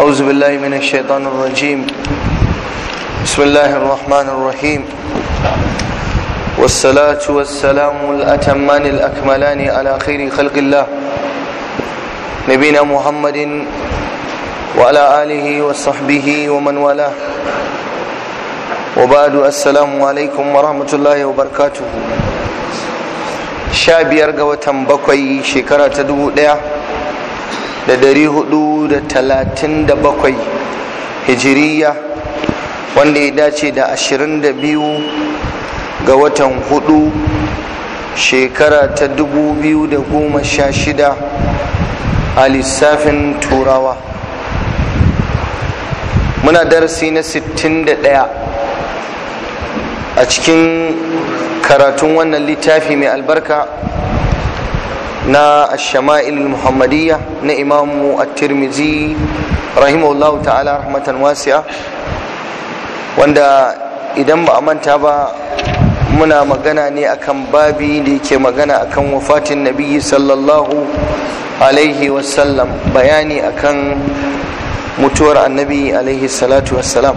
أعوذ بالله من الشيطان الرجيم بسم الله الرحمن الرحيم والصلاة والسلام الأتمان الأكملان على خير خلق الله نبينا محمد وعلى آله وصحبه ومن والاه وبعد السلام عليكم ورحمة الله وبركاته شابير قوة بقي شكرة دبو ليه da dari hudu da talatin da bakwai hijiriya wanda ya dace da ashirin da biyu ga watan hudu shekara ta dubu biyu da goma sha shida a lissafin turawa muna darasi na sittin da ɗaya a cikin karatun wannan littafi mai albarka na ashama'il muhammadiyya na imamu at-tirmizi rahimahullahu ta'ala rahmatan wasi'a wanda idan ba a manta ba muna magana ne akan babi da yake magana akan wafatin nabiyyi sallallahu alaihi wasallam bayani akan mutuwar annabi alaihi salatu wassalam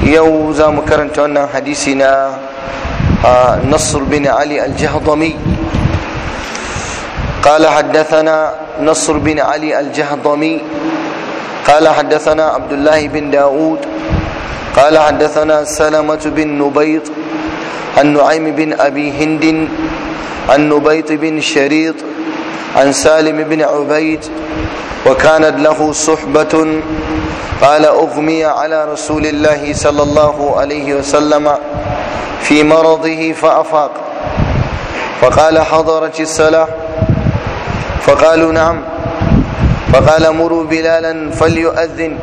yau za mu karanta wannan hadisi na nasr bin ali al-jahdami قال حدثنا نصر بن علي الجهضمي قال حدثنا عبد الله بن داود قال حدثنا سلمة بن نبيط عن نعيم بن أبي هند عن نبيط بن شريط عن سالم بن عبيد وكانت له صحبة قال أغمي على رسول الله صلى الله عليه وسلم في مرضه فأفاق فقال حضرت الصلاة فقالوا نعم فقال مروا بلالا فليؤذن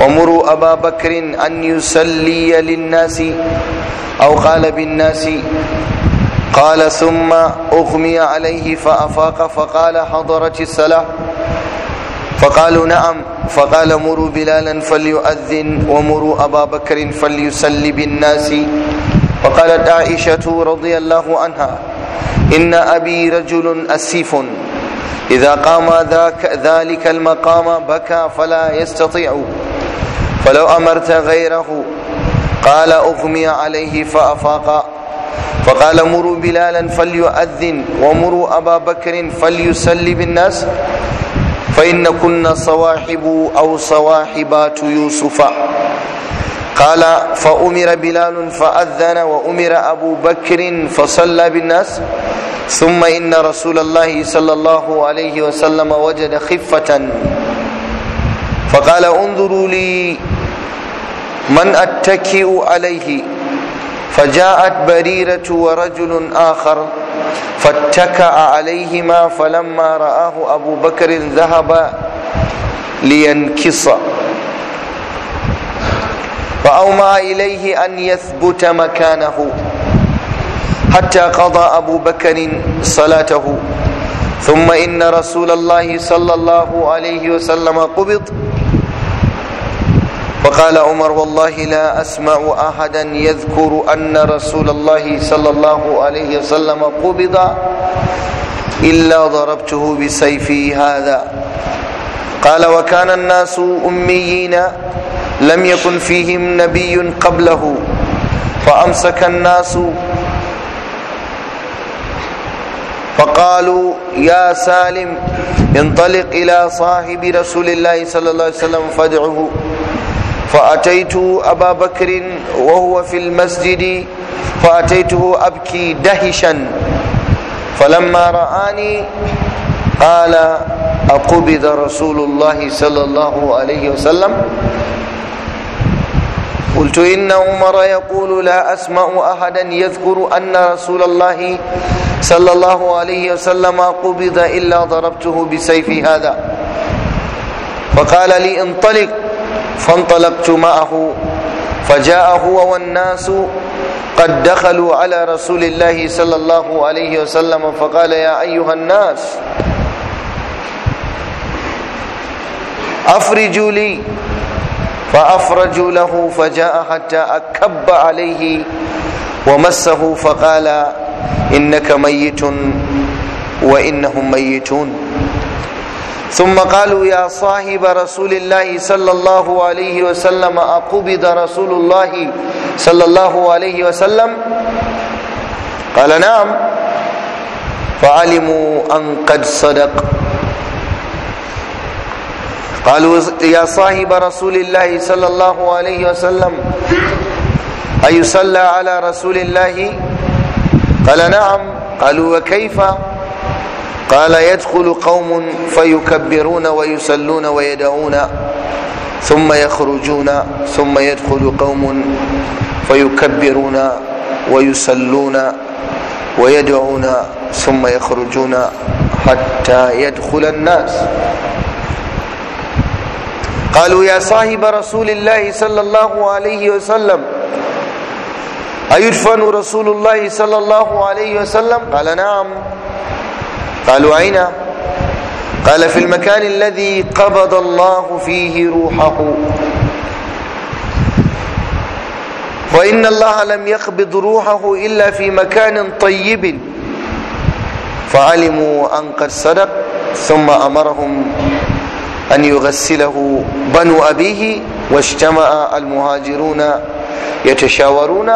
ومروا أبا بكر أن يسلي للناس أو قال بالناس قال ثم أغمي عليه فأفاق فقال حضرت الصلاة فقالوا نعم فقال مروا بلالا فليؤذن ومروا أبا بكر فليسلي بالناس وقالت عائشة رضي الله عنها إن أبي رجل أسيف إذا قام ذاك ذلك المقام بكى فلا يستطيع فلو أمرت غيره قال أغمي عليه فأفاق فقال مروا بلالا فليؤذن ومروا أبا بكر فليسلي بالناس فإن كنا صواحب أو صواحبات يوسف قال فأمر بلال فأذن وأمر أبو بكر فصلى بالناس ثم إن رسول الله صلى الله عليه وسلم وجد خفة فقال انظروا لي من أتكئ عليه فجاءت بريرة ورجل آخر فاتكأ عليهما فلما رآه أبو بكر ذهب لينكص فأومى إليه أن يثبت مكانه حتى قضى أبو بكر صلاته ثم إن رسول الله صلى الله عليه وسلم قبض فقال عمر والله لا أسمع أحدا يذكر أن رسول الله صلى الله عليه وسلم قبض إلا ضربته بسيفي هذا قال وكان الناس أميين لم يكن فيهم نبي قبله فأمسك الناس فقالوا يا سالم انطلق إلى صاحب رسول الله صلى الله عليه وسلم فادعه فأتيت أبا بكر وهو في المسجد فأتيته أبكي دهشا فلما رآني قال أقبض رسول الله صلى الله عليه وسلم قلت إن عمر يقول لا أسمع أحدا يذكر أن رسول الله صلى الله عليه وسلم قبض إلا ضربته بسيفي هذا فقال لي انطلق فانطلقت معه فجاء هو والناس قد دخلوا على رسول الله صلى الله عليه وسلم فقال يا أيها الناس أفرجوا لي فأفرجوا له فجاء حتى أكب عليه ومسه فقال إنك ميت وإنهم ميتون ثم قالوا يا صاحب رسول الله صلى الله عليه وسلم أقبض رسول الله صلى الله عليه وسلم قال نعم فعلموا أن قد صدق قالوا يا صاحب رسول الله صلى الله عليه وسلم أيصلى على رسول الله قال نعم قالوا وكيف قال يدخل قوم فيكبرون ويصلون ويدعون ثم يخرجون ثم يدخل قوم فيكبرون ويصلون ويدعون ثم يخرجون حتى يدخل الناس قالوا يا صاحب رسول الله صلى الله عليه وسلم أيدفن رسول الله صلى الله عليه وسلم قال نعم قالوا أين قال في المكان الذي قبض الله فيه روحه وإن الله لم يقبض روحه إلا في مكان طيب فعلموا أن قد صدق ثم أمرهم أن يغسله بنو أبيه واجتمع المهاجرون يتشاورون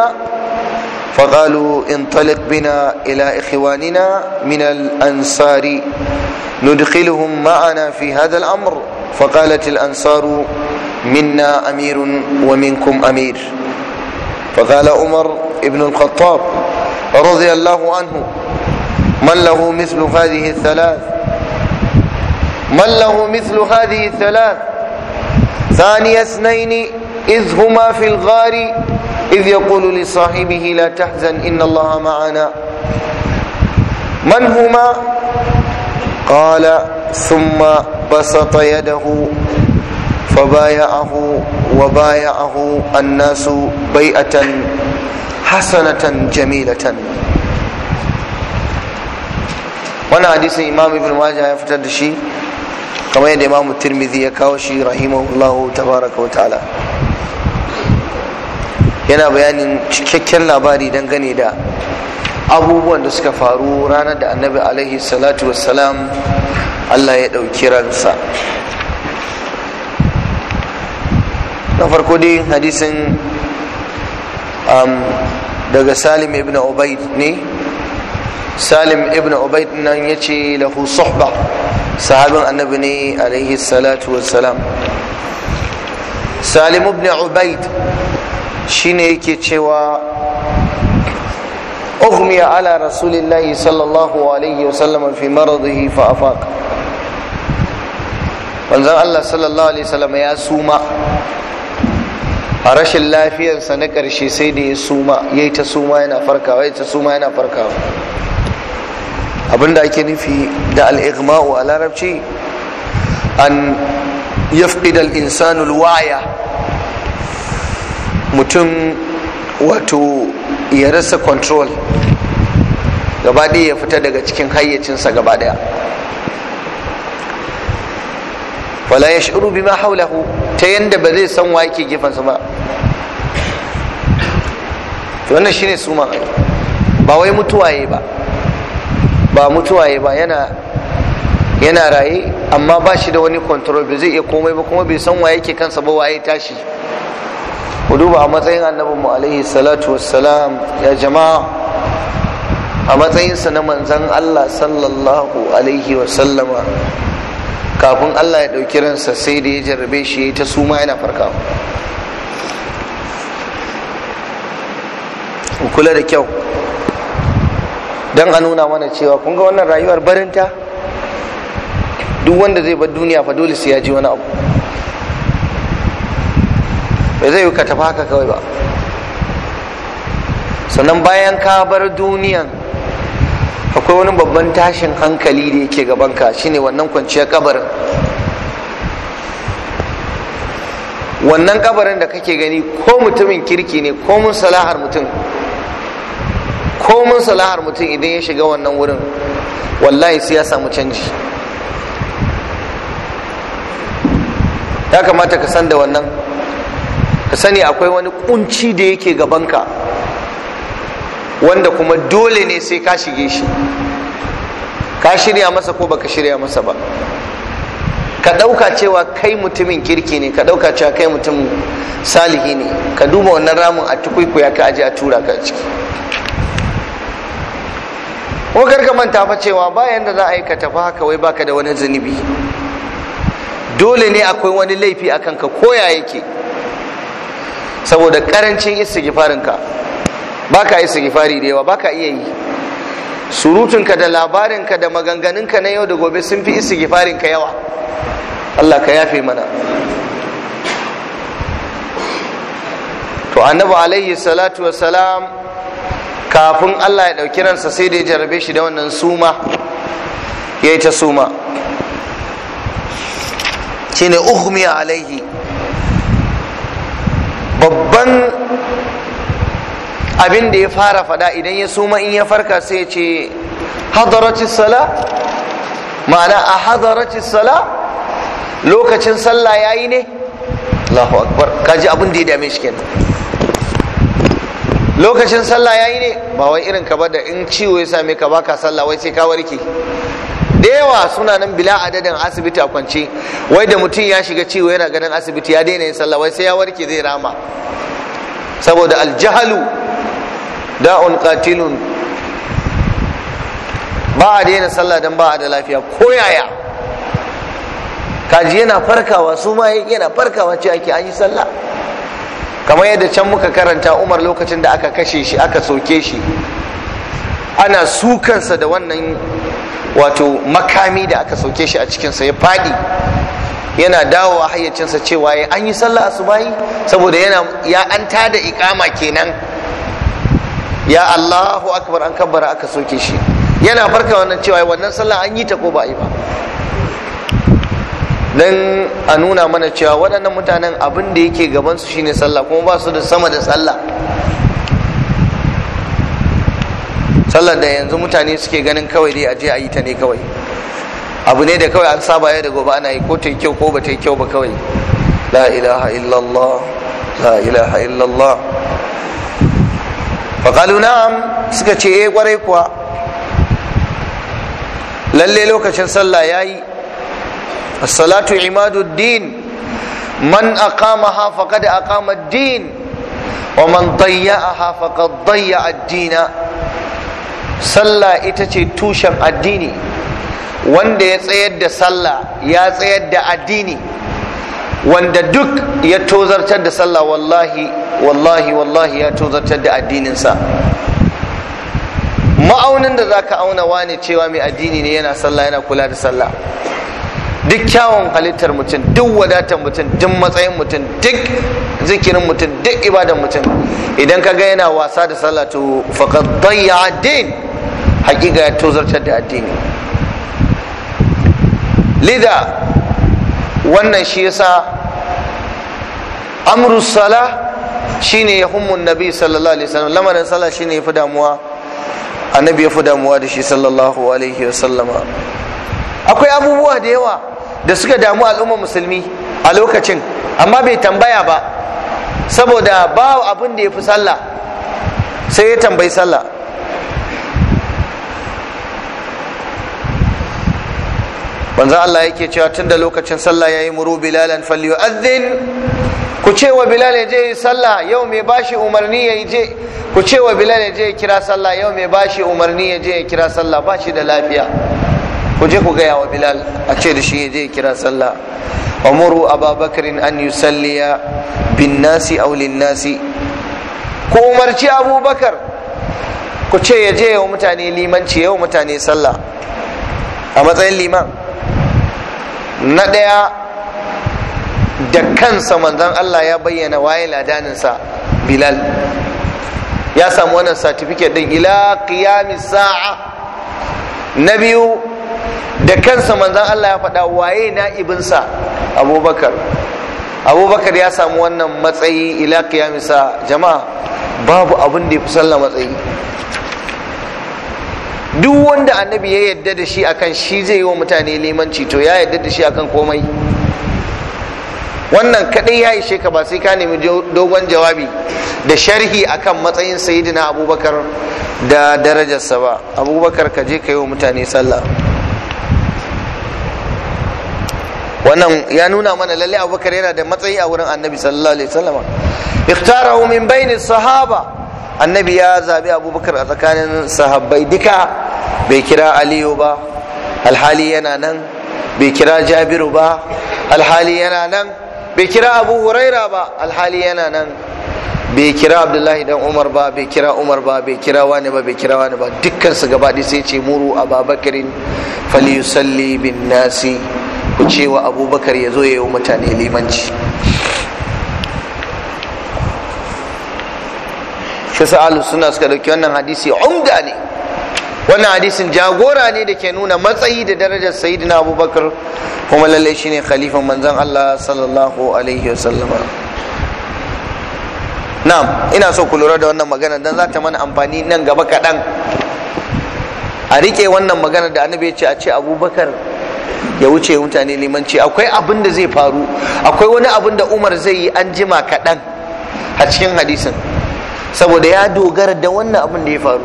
فقالوا انطلق بنا إلى إخواننا من الأنصار ندخلهم معنا في هذا الأمر فقالت الأنصار منا أمير ومنكم أمير فقال عمر ابن الخطاب رضي الله عنه من له مثل هذه الثلاث من له مثل هذه الثلاث ثاني اثنين إذ هما في الغار إذ يقول لصاحبه لا تحزن إن الله معنا من هما قال ثم بسط يده فبايعه وبايعه الناس بيئة حسنة جميلة وانا حديث امام ابن ماجه يفتد شيء kamar yadda imamu tirmidhi ya kawo shi rahimahullahu tabaraka wa ta'ala yana bayanin cikakken labari dangane da abubuwan da suka faru ranar da annabi alaihi salatu wassalam allah ya ɗauki ransa na farko dai hadisin um, daga salim ibn ubaid ne salim ibn ubaid nan ya ce lahu suhba sahabin annabi ne alaihi salatu wassalam salim ibn ubaid shine yake cewa أغمي على رسول الله صلى الله fi وسلم في مرضه فأفاق wanzan Allah sallallahu alaihi wasallam ya suma a rashin lafiyarsa na ƙarshe sai da ya suma ya ta suma yana farkawa ya ta suma yana farkawa abinda ake nufi da al'igma'u a larabci an yafi al-insanu waya mutum wato ya rasa control gaba ɗaya ya fita daga cikin hayyacinsa gaba ɗaya wala ya ma bima haulahu ta yadda ba zai san wa yake gefensa ba wannan shine suma ba wai mutuwaye ba ba mutuwaye ba yana yana raye amma ba shi da wani control bai zai iya komai ba kuma bai san waye yake kansa ba waye tashi ku duba a matsayin annabinmu alaihi salatu wassalam ya jama'a a matsayinsa na manzan Allah sallallahu alaihi wasallama kafin Allah ya ɗauki ransa sai da ya jarrabe shi ta suma yana farkawa kula da kyau don a nuna mana cewa kun ga wannan rayuwar barinta duk wanda zai bar duniya fa dole sai ya ji wani abu bai zai ka tafi haka kawai ba sannan bayan ka bar duniyan akwai wani babban tashin hankali da yake gabanka shine wannan kwanciyar kabarin wannan kabarin da kake gani ko mutumin kirki ne ko mun salahar mutum komin salahar mutum idan ya shiga wannan wurin wallahi sai ya samu canji ya kamata ka san da wannan ka sani akwai wani kunci da yake gabanka wanda kuma dole ne sai ka shige shi ka shirya masa ko baka shirya masa ba ka ɗauka cewa kai mutumin kirki ne ka ɗauka cewa kai mutum salihi ne ka duba wannan ramin a tukwikwiya ka aji a tura ka ciki ko karka manta fa cewa bayan da za a aikata fa haka wai baka da wani zunubi dole ne akwai wani laifi a kanka koya yake saboda karancin ka, baka istighfari da yawa baka iya yi surutunka da labarinka da maganganunka na yau da gobe sun fi ka yawa Allah ka yafe mana to annabi alaihi salatu wassalam kafin Allah ya ɗauki ransa sai da ya jarabe shi da wannan suma ya yi ta suma shine alaihi babban abin da ya fara fada idan ya suma in ya farka sai ce hadarati sala ma'ana a hadarati sala lokacin sallah yayi ne Allahu akbar kaji abin da ya dame shi kenan lokacin sallah yayi ne ba wai irin ka da in ciwo ya same ka baka sallah wai sai ka warke da suna nan bila adadin asibiti a kwance wai da mutum ya shiga ciwo yana ganin asibiti ya daina yin sallah wai sai ya warke zai rama saboda aljahalu da'un qatilun ba a daina sallah dan ba a da lafiya ko yaya kaji yana farkawa su ma yana farkawa ce ake an yi sallah kamar yadda can muka karanta umar lokacin da aka kashe shi aka soke shi ana sukansa da wannan wato makami da aka soke shi a cikinsa ya faɗi yana dawowa hayyacinsa cewa ya an yi sallah su bayi saboda yana ya an tada ikama kenan ya Allahu akbar an kabbara aka soke shi yana farka wannan cewa wannan sallah an yi ta ko ba yi ba don a nuna mana cewa waɗannan mutanen abin da yake gabansu shine sallah kuma ba su da sama da sallah Sallah da yanzu mutane suke ganin kawai dai aje a yi ta ne kawai abu ne da kawai an saba yau da gobe ana yi ko ta yi kyau ko ba ta yi kyau ba kawai la ilaha illallah la ilaha illallah faƙalu na'am suka ce eh kwarai kuwa lalle lokacin sallah ya yi as-salatu imaduddin man aqamaha faqad aqama ad-din wa man dayya'aha faqad ad sallah ita ce tushen addini wanda ya tsayar da sallah ya tsayar da addini wanda duk ya tozartar da sallah wallahi wallahi wallahi ya tozartar da addininsa ma'aunin da zaka auna wane cewa mai addini ne yana sallah yana kula da sallah duk kyawun halittar mutum duk wadatar mutum duk matsayin mutum duk zikirin mutum duk ibadan mutum idan ka ga yana wasa da salatu faqad dayya adin, hakika ya tozartar da addini lida wannan shi yasa amru sala shine ya hummu nabi sallallahu alaihi wasallam lamarin Sala shine ya fi damuwa annabi ya fi damuwa da shi sallallahu alaihi wasallama akwai abubuwa da yawa da suka damu al'ummar musulmi a lokacin amma bai tambaya ba saboda ba abin da ya fi sallah sai ya tambayi sallah wanzan Allah yake cewa tun da lokacin sallah ya yi muru bilalan falliyo azin ku ce wa bilal ya je sallah yau mai bashi umarni ya je ku ce wa bilal ya je kira sallah yau mai bashi umarni ya je kira sallah bashi da lafiya ku je ku gaya wa bilal a ce da shi je kira sallah umuru ababakarin an yusalliya bin nasi nasi ku umarci abubakar ku ce ya je wa mutane limanci yau mutane sallah a matsayin liman na ɗaya da kansa manzon Allah ya bayyana waye ladaninsa bilal ya samu wannan certificate din ila qiyamis sa'a na biyu da kansa manzan Allah ya faɗa waye na'ibinsa abubakar abubakar ya samu wannan matsayi ila kiyamisa jama'a babu abin da ya fi sallah matsayi duk wanda annabi ya yadda da shi akan shi zai yi wa mutane limanci to ya yadda da shi akan komai wannan kadai ya ishe ka ba sai ka nemi dogon jawabi da sharhi akan matsayin sayidina abubakar da darajarsa ba abubakar ka je ka yi wa mutane sallah wannan ya nuna mana lalle abubakar yana da matsayi a wurin annabi sallallahu alaihi wasallam ikhtarahu min baini sahaba annabi ya zabi abubakar a tsakanin sahabbai duka bai kira aliyu ba alhali yana nan bai kira jabiru ba alhali yana nan bai kira abu huraira ba alhali yana nan bai kira abdullahi dan umar ba bai kira umar ba bai kira wani ba bai kira wani ba dukkan su gaba sai ce muru ababakarin falyusalli bin nasi ku cewa abubakar ya zo ya yi mutane limanci shi sa'alu suna suka dauki wannan hadisi umda ne wannan hadisin jagora ne da ke nuna matsayi da darajar sayidina abubakar kuma lallai ne khalifan manzan allah sallallahu alaihi wasallama na'am ina so ku lura da wannan magana dan za ta mana amfani nan gaba kaɗan a riƙe wannan magana da annabi ya ce a ce abubakar ya wuce mutane limanci akwai abin da zai faru akwai wani abin da umar zai yi an jima kaɗan a cikin hadisin saboda ya dogara da wannan abin da ya faru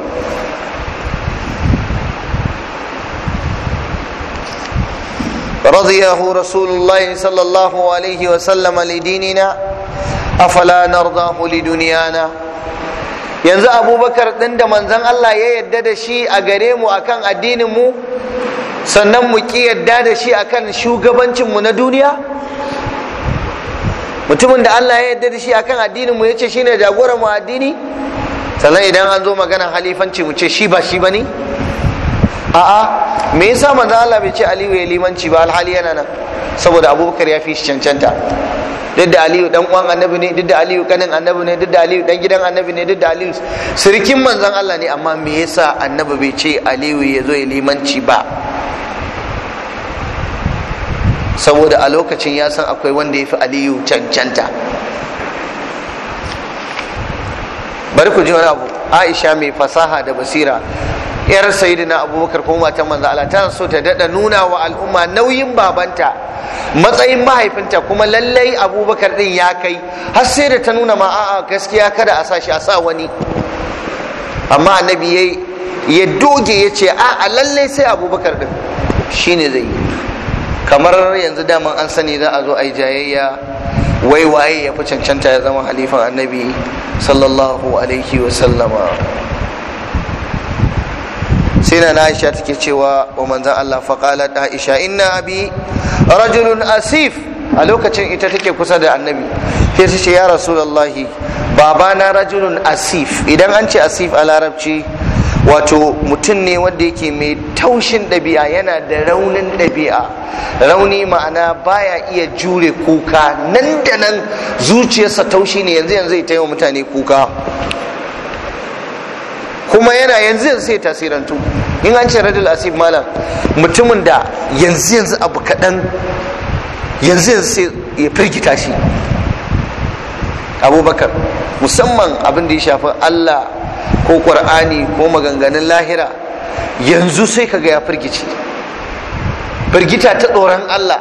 رضيه رسول الله صلى الله عليه وسلم لديننا أفلا نرضاه لدنيانا yanzu abubakar ɗin da manzon Allah ya yadda da shi a gare mu addinin mu sannan mu ƙi yadda da shi akan shugabancinmu na duniya mutumin da Allah ya yadda da shi akan addinin mu yace shine jagoran mu addini sannan idan an zo maganar halifanci mu ce shi ba shi bane a'a me yasa manzo Allah bai ce Aliyu ya limanci ba alhali yana nan saboda Abubakar ya fi shi cancanta duk da Aliyu dan uwan annabi ne duk da Aliyu kanin annabi ne duk da Aliyu dan gidan annabi ne duk da Aliyu sirikin manzon Allah ne amma me yasa annabi bai ce Aliyu ya zo ya limanci ba saboda a lokacin ya san akwai wanda ya fi aliyu cancanta bari ku ji wani abu aisha mai fasaha da basira yar na abubakar kuma matan manzo Allah tana so ta dada nuna wa al'umma nauyin babanta matsayin mahaifinta kuma lallai abubakar din ya kai har sai da ta nuna ma a'a gaskiya kada a sa shi a sa wani amma annabi ya doge ya ce a'a lallai sai abubakar din shine zai yi kamar yanzu daman an sani za a zo a yi jayayya wai waye ya fi cancanta ya zama halifan annabi sallallahu alaihi wasallama sai na aisha take cewa wa manzan Allah faƙalar aisha inna abi rajulun asif a lokacin ita take kusa da annabi Ke ce ya rasulallahi babana rajulun asif idan an ce asif a larabci wato mutum ne wanda yake mai taushin ɗabi'a yana da raunin ɗabi'a rauni ma'ana baya iya jure kuka nan da nan zuciyarsa taushi ne yanzu yanzu ta mutane kuka kuma yana yanzu yanzu sai tasirantu in an ce radul asif malam mutumin da yanzu yanzu abu kaɗan yanzu yanzu sai ya firgita shi abubakar musamman abin da ya shafi allah ko ƙwar'ani ko maganganun lahira yanzu sai kaga ya firgici firgita ta tsoron Allah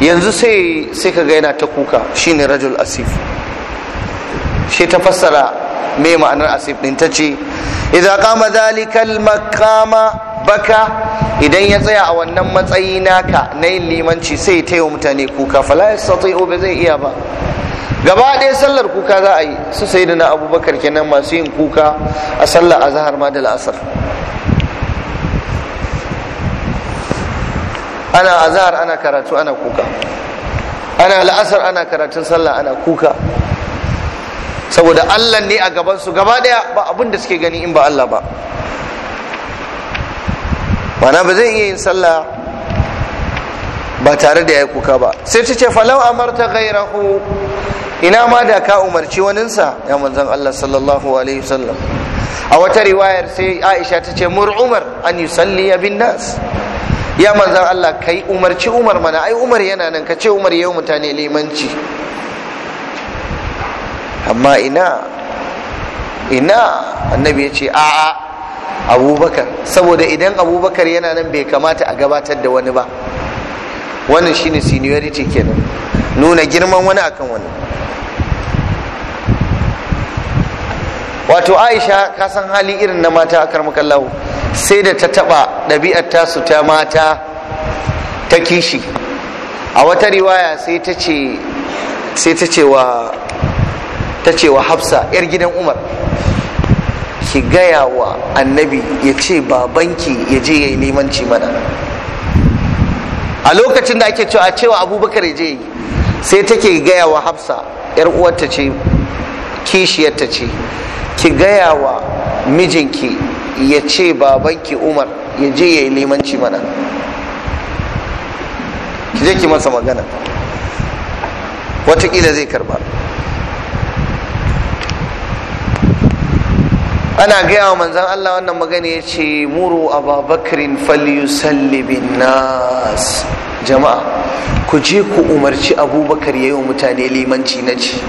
yanzu sai kaga yana ta kuka Shi ne rajul asif shi ta fassara mai ma'anar asif ɗin ta ce idza zalikal makama baka idan ya tsaya a wannan matsayi naka na yin limanci sai ta yi mutane kuka fala yastati'u ba zai iya ba gaba ɗaya sallar kuka za a yi su sai da na abubakar kenan masu yin kuka a sallar azahar ma da la'asar ana azahar ana karatu ana kuka ana la'asar ana karatun sallah ana kuka saboda allah ne a gabansu gaba ɗaya ba abin da suke gani in ba allah ba mana ba zai iya yin sallah ba tare da ya yi kuka ba sai ta ce falau amarta gairahu ina ma da ka umarci waninsa ya manzan Allah sallallahu alaihi wasallam a wata riwayar sai Aisha ta ce mur Umar an yusalli bin nas ya manzan Allah kai umarci Umar mana ai Umar yana nan ka ce Umar yau mutane limanci amma ina ina annabi ya ce a'a abubakar saboda idan abubakar yana nan bai kamata a gabatar da wani ba wannan shine seniority kenan nuna girman wani akan wani wato aisha ka san hali irin na mata akar makallahu sai da ta taba ɗabi'ar tasu ta mata ta kishi a wata riwaya sai ta ce wa ta ce wa hafsa yar gidan umar ki gaya wa annabi ya ce babanki ya je ya yi limanci mana a lokacin da ake cewa a cewa abubakar ya je sai take gaya wa hafsa yar uwarta ce kishiyarta ce ki gaya wa mijinki ya ce babanki umar ya je ya yi limanci mana ki je ki masa magana watakila zai karba ana gaya wa manzan Allah wannan magana ya ce muru a ababakarin falyusallibin nas jama'a ku je ku umarci abubakar ya yi wa mutane limanci na ci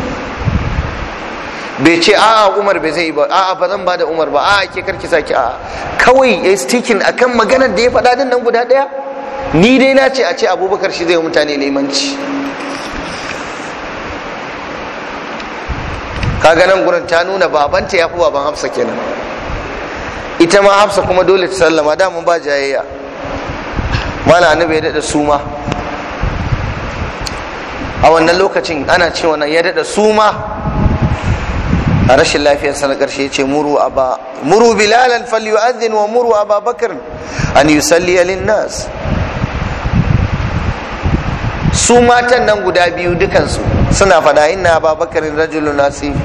bai ce a'a umar bai zai ba a'a ba zan bada umar ba a'a ke karki saki a'a kawai ya stikin akan maganar da ya faɗa din nan guda ɗaya ni dai na ce a ce abubakar shi zai yi mutane limanci Ka ganin gurin ta nuna babanta ya fi baban hafsa kenan ita ma hafsa kuma dole ta sallama da ba jayayya mala annabi ya daɗa suma a wannan lokacin ana cewa nan ya daɗa suma rashin lafiyar sa na karshe ce muru aba muru bilalan falyu'adhin wa muru aba bakr an yusalli lin nas su matan nan guda biyu dukan su suna fada inna aba bakarin rajulun nasif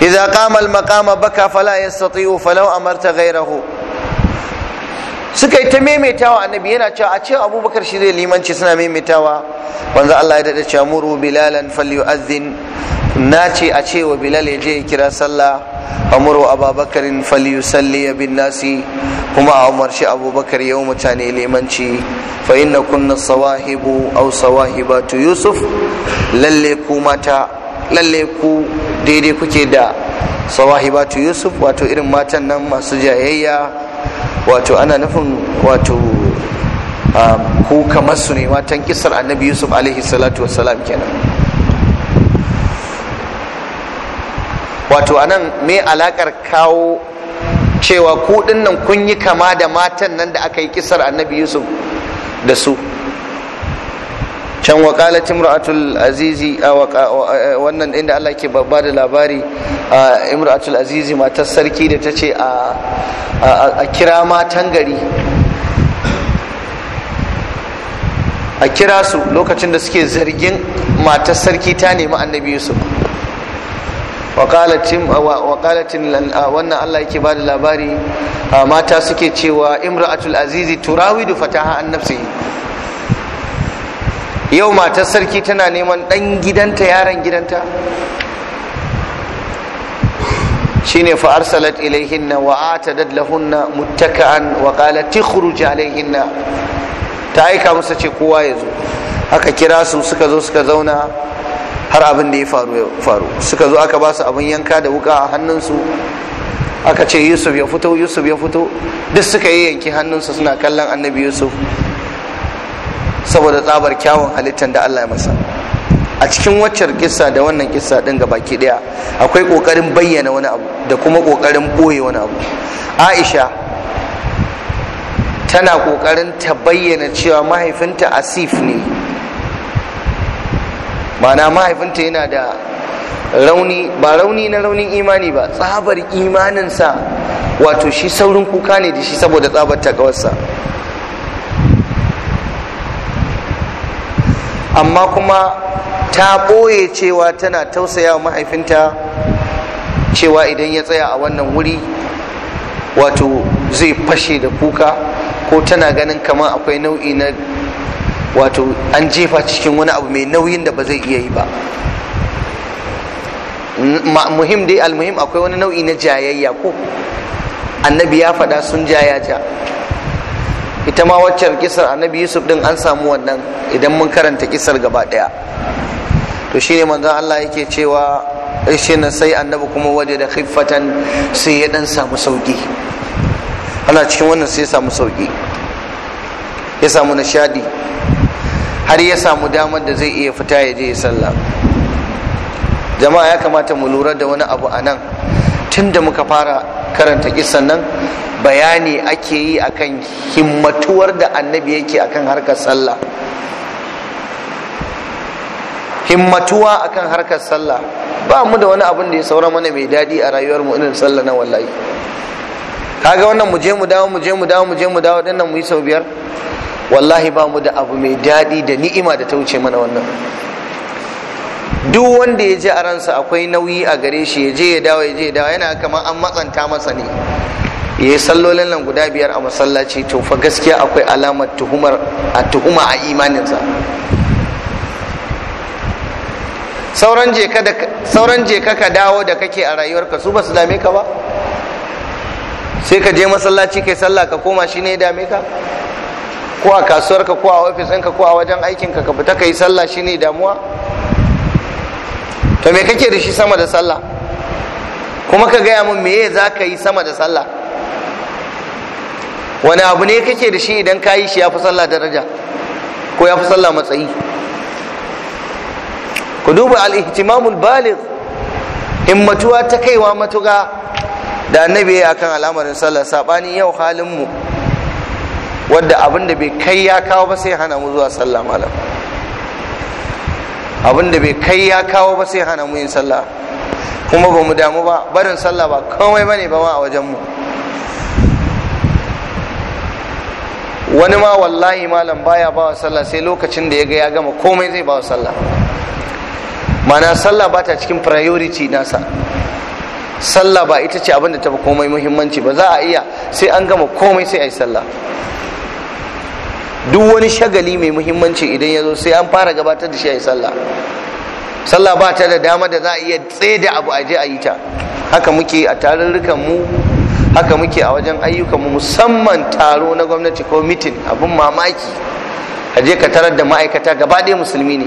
idza qama al maqama baka fala yastati'u falau amarta ghayrahu suka yi ta maimaitawa annabi yana cewa a ce abubakar shi zai limanci suna maimaitawa wanzu Allah ya daɗa cewa muru bilalan falyu'adhin na ce a ce wa bilal ya je ya kira sallah amuru ababakarin salli ya bin nasi kuma a umarci abubakar yau mutane limanci fa inna kunna sawahibu aw sawahibatu yusuf lalle ku mata lalle ku daidai kuke da sawahibatu yusuf wato irin matan nan masu jayayya wato ana nufin wato ah, ku kamar su ne matan kisar annabi yusuf alaihi salatu kenan wato anan me alakar kawo cewa ku nan kun yi kama da matan nan da aka yi kisar annabi yusuf da su can wakala imra'atul azizi wannan inda Allah ke babba da labari imra'atul azizi matar sarki da ta ce a kira matan gari a kira su lokacin da suke zargin matar sarki ta nemi annabi yusuf wakalacin wannan Allah yake ba da labari mata suke cewa imra'atul azizi turawidu fataha an nafsi yau matar sarki tana neman ɗan gidanta yaron gidanta shine fa arsalat ilaihinna wa atadad lahunna muttaka'an wa qalat tukhruj alaihinna ta aika masa ce kowa ya zo aka kira su suka zo suka zauna har abin da ya faru ya faru suka zo aka ba su abin yanka da wuka a hannunsu aka ce yusuf ya fito yusuf ya fito duk suka yi yanki hannunsu suna kallon annabi yusuf saboda tsabar kyawun halittar da allah ya masa a cikin waccar kisa da wannan kisa din ga baki daya akwai kokarin bayyana wani abu da kuma kokarin boye wani abu aisha tana kokarin ta bayyana cewa mahaifinta asif ne ma'ana mahaifinta yana da rauni ba rauni na raunin imani ba tsabar imaninsa wato shi saurin kuka ne da shi saboda tsabar takawarsa amma kuma ta ɓoye cewa tana tausaya wa mahaifinta cewa idan ya tsaya a wannan wuri wato zai fashe da kuka ko tana ganin kama akwai nau'i na wato an jefa cikin wani abu mai nauyin da ba zai iya yi ba muhim dai almuhim akwai wani nau'i na jayayya ko annabi ya faɗa sun jaya ja ita ma waccan kisar annabi yusuf din an samu wannan idan mun karanta kisar gaba ɗaya to shine manzon Allah yake cewa ishe eh, na sai annabi kuma waje da khiffatan sai ya dan samu sauki ana cikin wannan sai ya samu sauki ya samu nishadi har ya samu damar da zai iya fita ya je ya sallah jama'a ya kamata mu lura da wani abu a nan tun da muka fara karanta kisan nan bayani ake yi akan himmatuwar da annabi yake akan harkar sallah himmatuwa akan harkar sallah ba mu da wani abin da ya saura mana mai daɗi a rayuwar mu irin sallah na wallahi kaga wannan mu je mu dawo mu je mu dawo mu je mu dawo dinnan mu yi sau biyar wallahi ba mu da abu mai daɗi da ni'ima da ta wuce mana wannan duk wanda ya ji a ransa akwai nauyi a gare shi ya je ya dawo ya je ya dawo yana kamar an matsanta masa ne ya yi sallolin nan guda biyar a masallaci to fa gaskiya akwai alamar tuhumar a tuhuma a imaninsa sauran je ka dawo da kake a rayuwarka su basu dame ka ba sai ka je masallaci kai sallah ka koma shi ne dame ka ko a kasuwar ka, ko a ofis ɗinka ko a wajen aikin ka ka fita ka yi sallah shine damuwa to me kake da shi sama da sallah kuma ka gaya min meye za ka yi sama da sallah wani abu ne kake da shi idan ka yi shi ya fi sallah daraja ko ya fi sallah matsayi ku duba al-ihtimamul baligh himmatuwa ta kaiwa matuga da annabi akan al'amarin sallah sabani yau halin mu wadda abin da bai kai ya kawo ba sai hana mu zuwa sallah malam abin da bai kai ya kawo ba sai hana mu yin sallah kuma ba mu damu ba barin sallah ba komai bane ba ma a wajen mu wani ma wallahi malam baya bawa sallah sai lokacin da ya ga ya gama komai zai bawa sallah mana sallah ba ta cikin priority nasa sallah ba ita ce abin da ta fi komai muhimmanci ba za a iya sai an gama komai sai a yi sallah duk wani shagali mai muhimmanci idan ya zo sai an fara gabatar da shi a yi sallah sallah ba ta da dama da za a iya da abu a a yi ta haka muke a tarurrukan mu haka muke a wajen ayyukan mu musamman taro na gwamnati ko mitin abun mamaki a ka tarar da ma'aikata gaba ɗaya musulmi ne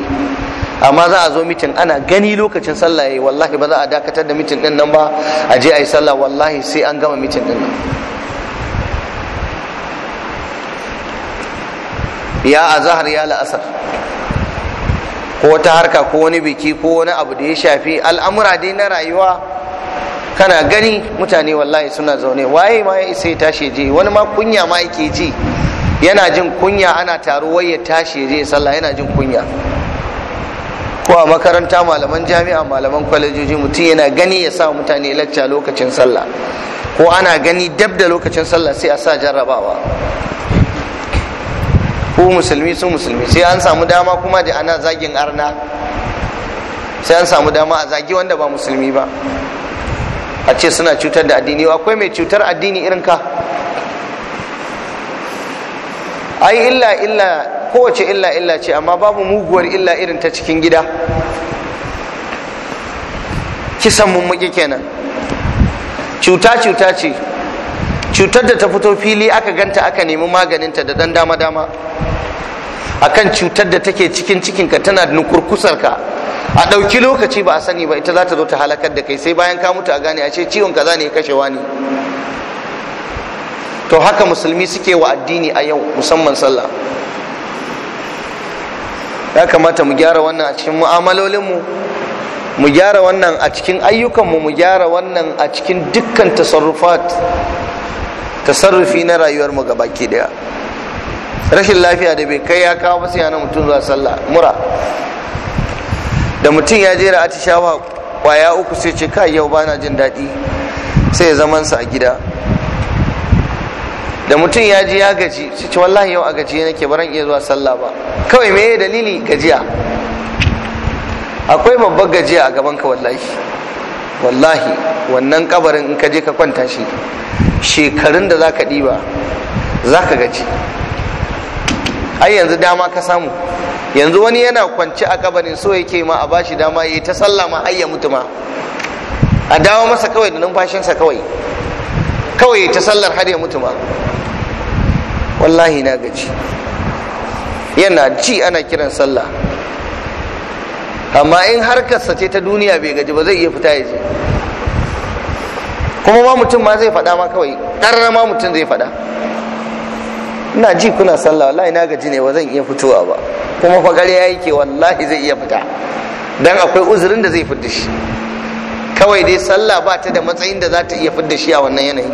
amma za a zo mitin ana gani lokacin sallah yayi wallahi ba za a dakatar da mitin din nan ba aje ayi sallah wallahi sai an gama mitin din nan ya azhar ya la'asar ko ta harka ko wani biki ko wani abu da ya shafi al'amura dai na rayuwa kana gani mutane wallahi suna zaune waye ma ya isa ya tashi je wani ma kunya ma yake ji yana jin kunya ana taro wai ya tashi je sallah yana jin kunya ko a makaranta malaman jami'a malaman kwalejoji mutum yana gani ya sa mutane lacca lokacin sallah ko ana gani dab da lokacin sallah sai a sa jarrabawa ku musulmi su musulmi sai an samu dama kuma da ana zagin arna sai an samu dama a zagi wanda ba musulmi ba a ce suna cutar da addini akwai mai cutar addini irin ka ai illa illa kowace illa illa ce amma babu muguwar illa irin ta cikin gida kisan mummuki kenan cuta cuta ce cutar da ta fito fili aka ganta aka nemi maganinta da dan dama dama akan cutar da take cikin cikinka tana nukurkusar ka. a ɗauki lokaci ba a sani ba ita za ta zo ta halakar da kai sai bayan ka mutu a gane a ce ciwon ka za ne kashewa ne to haka musulmi suke wa addini a yau musamman sallah ya kamata mu gyara wannan a cikin mu'amalolinmu mu gyara wannan a cikin ayyukanmu mu gyara wannan a cikin dukkan tasarrufat tasarrufi na rayuwar mu baki daya rashin lafiya da bai kai ya kawo masa yana mutum zuwa sallah mura da mutum ya jera tishawa kwaya uku sai ce kai yau bana jin daɗi sai ya zaman sa a gida da mutum ya ji ya gaji sai ce wallahi yau a gaji nake baran iya zuwa sallah ba kawai me dalili gajiya akwai babbar gajiya a gaban ka wallahi wallahi wannan kabarin in ka je ka kwanta shi shekarun da za ka ɗiba za ka gaji ai yanzu dama ka samu yanzu wani yana kwance a kabarin so yake ma a bashi dama ya yi ta sallah ma har ya mutu ma a dawo masa kawai da numfashinsa kawai kawai ya ta sallar har ya mutu ma wallahi na gaji yana ci ana kiran sallah amma in harkarsa ce ta duniya bai gaji ba zai iya fita ya je kuma ma mutum ma zai fada ma kawai ƙarar ma mutum zai fada? ina ji kuna sallah wallahi na gaji ne ba zan iya fitowa ba kuma fa ya yi ke wallahi zai iya fita don akwai uzurin da zai fidda shi kawai dai sallah ba ta da matsayin da za ta iya fidda shi a wannan yanayi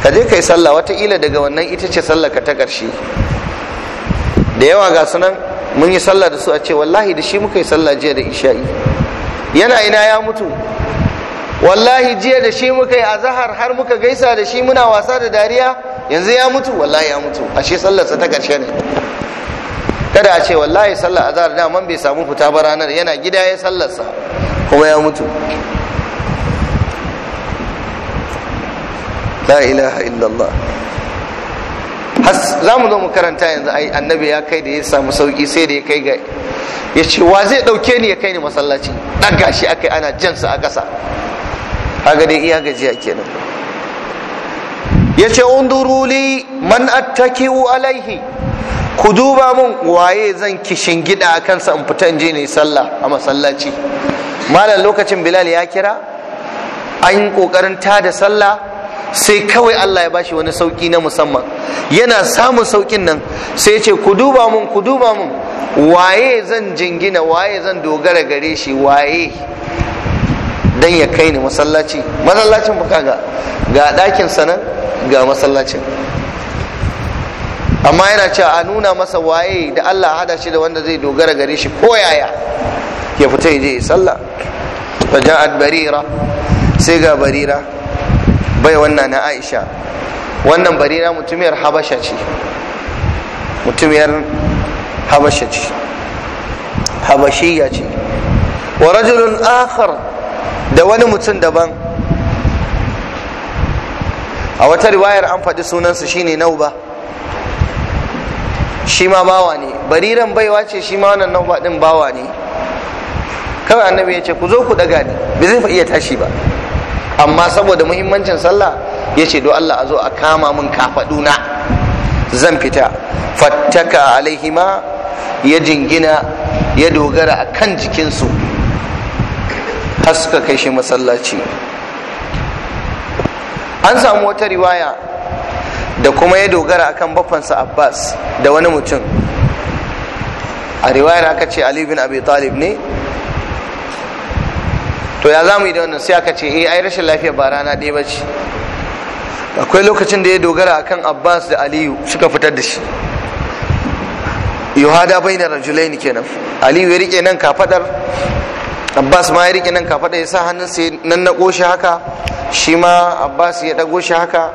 ka je ka yi sallah wataƙila daga wannan ita ce sallah ka ta ƙarshe da yawa ga sunan mun yi sallah da su a ce wallahi da shi muka yi sallah jiya da isha'i yana ina ya mutu wallahi jiya da shi muka yi azahar har muka gaisa da shi muna wasa da dariya yanzu ya mutu wallahi ya mutu ashe sallarsa ta karshe ne kada a ce wallahi sallar azahar man bai samu fita ba ranar yana gida ya sallarsa kuma ya mutu la ilaha illallah za mu zo mu karanta yanzu ai annabi ya kai da ya samu sauki sai da ya kai ga ya ce wa zai ɗauke ni ya kai ni masallaci ɗaga shi aka ana jansa a ƙasa Haga dai iya gajiya kenan ya ce unduruli man attaki'u alaihi ku duba mun waye zan kishin gida a kansa in fita in je ne sallah a masallaci malam lokacin bilal ya kira an yi ƙoƙarin tada sallah sai kawai Allah ya bashi wani sauki na musamman yana samun saukin nan sai ya ce ku duba mun ku duba mun waye zan jingina waye zan dogara gare shi waye dan ya kai ni masallaci masallacin buka ga ga ɗakin sanan ga masallacin amma yana cewa a nuna masa waye da Allah hada shi da wanda zai dogara gare shi ko yaya ya fita ya je sallah fa ja'at barira sai ga barira bai wannan na aisha wannan barira mutumiyar habasha ce mutumiyar habasha ce habashiya ce wa rajulun akhar da wani mutum daban a wata riwayar an faɗi sunansa shine nauba shi ma bawa ne bariran baiwa ce shi ma wannan nauba ɗin bawa ne kawai annabi ya ce ku zo ku ɗaga ne bai zai iya tashi ba amma saboda muhimmancin sallah ya ce do Allah a zo a kama min kafaduna zan fita fattaka alaihima ya jingina ya dogara a kan jikinsu Haska kai shi masallaci an samu wata riwaya da kuma ya dogara a kan bafansa abbas da wani mutum a riwayar aka ce ali bin abi talib ne to ya za mu yi da wannan sai aka ce eh ai rashin lafiya ba rana ɗaya ba ce akwai lokacin da ya dogara akan abbas da aliyu suka fitar da shi yuhada na rajulaini kenan aliyu ya rike nan kafadar abbas ma ya rike nan kafada ya sa hannun sai nan na goshi haka shi ma abbas ya dago shi haka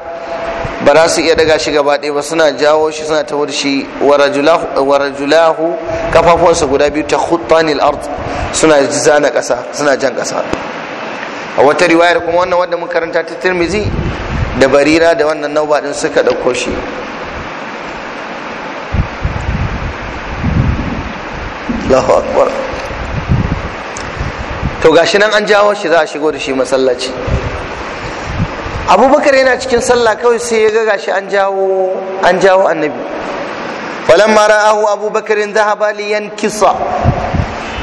ba za su iya daga shi gaba ɗaya ba suna jawo shi suna tawar shi wa rajulahu kafafuwansa guda biyu ta hutanil art suna zana ƙasa suna jan ƙasa a wata riwayar kuma wannan wanda mun karanta ta tirmizi da barira da wannan nauba din suka ɗauko shi Allahu akbar to gashi nan an jawo shi za a shigo da shi masallaci abubakar yana cikin sallah kawai sai ya ga gashi an jawo an jawo annabi ahu abubakar in zahaba liyankisa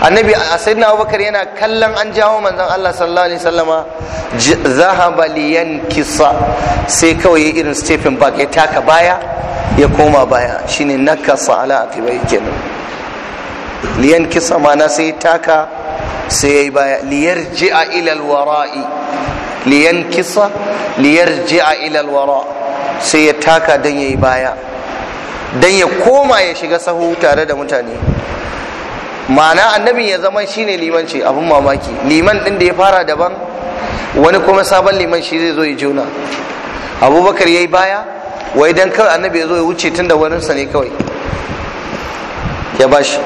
annabi sayyidina abubakar yana kallon an jawo manzon Allah sallallahu alaihi wasallama zahaba kisa sai kawai irin stephen back ya taka baya ya koma baya shine nakasa ala aqibai kenan liyan kisa mana sai taka sai ya yi baya liyar ji'a ilal liyan kisa liyar ji'a ilal wara sai ya taka don ya yi baya don ya koma ya shiga sahu tare da mutane ma'ana annabi ya zama shi ne limanci abin mamaki liman ɗin da ya fara daban wani kuma sabon liman shi zai zo ya juna abubakar ya yi baya wai don kawai annabi ya zo ya wuce tun da wurinsa ne kawai ya bashi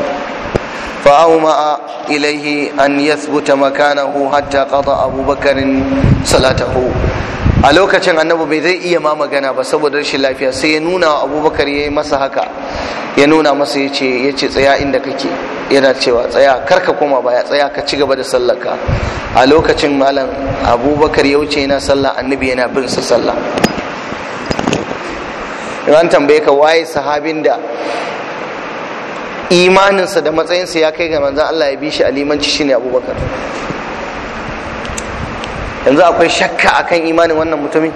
فأومأ إليه أن يثبت مكانه حتى قضى أبو بكر صلاته a lokacin annabi bai zai iya ma magana ba saboda rashin lafiya sai ya nuna wa abubakar ya yi masa haka ya nuna masa ya ce ya ce tsaya inda kake yana cewa tsaya karka koma baya tsaya ka ci gaba da sallaka a lokacin malam abubakar ya wuce yana sallah annabi yana bin sa sallah in an tambaye ka waye sahabin da imaninsa da matsayinsa ya kai ga manzan Allah ya bi shi a limanci ne abubakar yanzu akwai shakka akan imanin wannan mutumin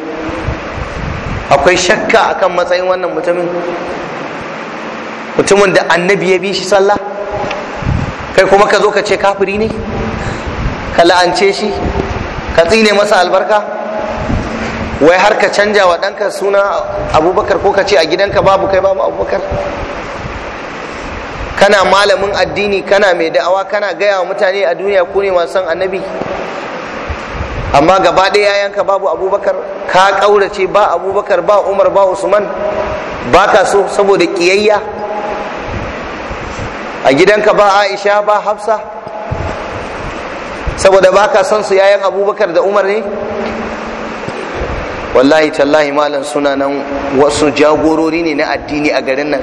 akwai shakka akan matsayin wannan mutumin mutumin da annabi ya bi shi sallah kai kuma ka zo ka ce kafiri ne ka la'ance shi ka tsine masa albarka wai har ka canja wa ɗanka suna abubakar ko ka ce a gidanka babu kai babu abubakar kana malamin addini kana mai da'awa kana gaya wa mutane a duniya ku ne masu annabi amma gaba ɗaya yayanka babu abubakar ka ƙaurace ba abubakar ba umar ba usman ba ka so saboda ƙiyayya a gidanka ba aisha ba hafsa saboda ba ka son su yayan abubakar da umar ne wallahi tallahi malam suna nan wasu jagorori ne na addini a garin nan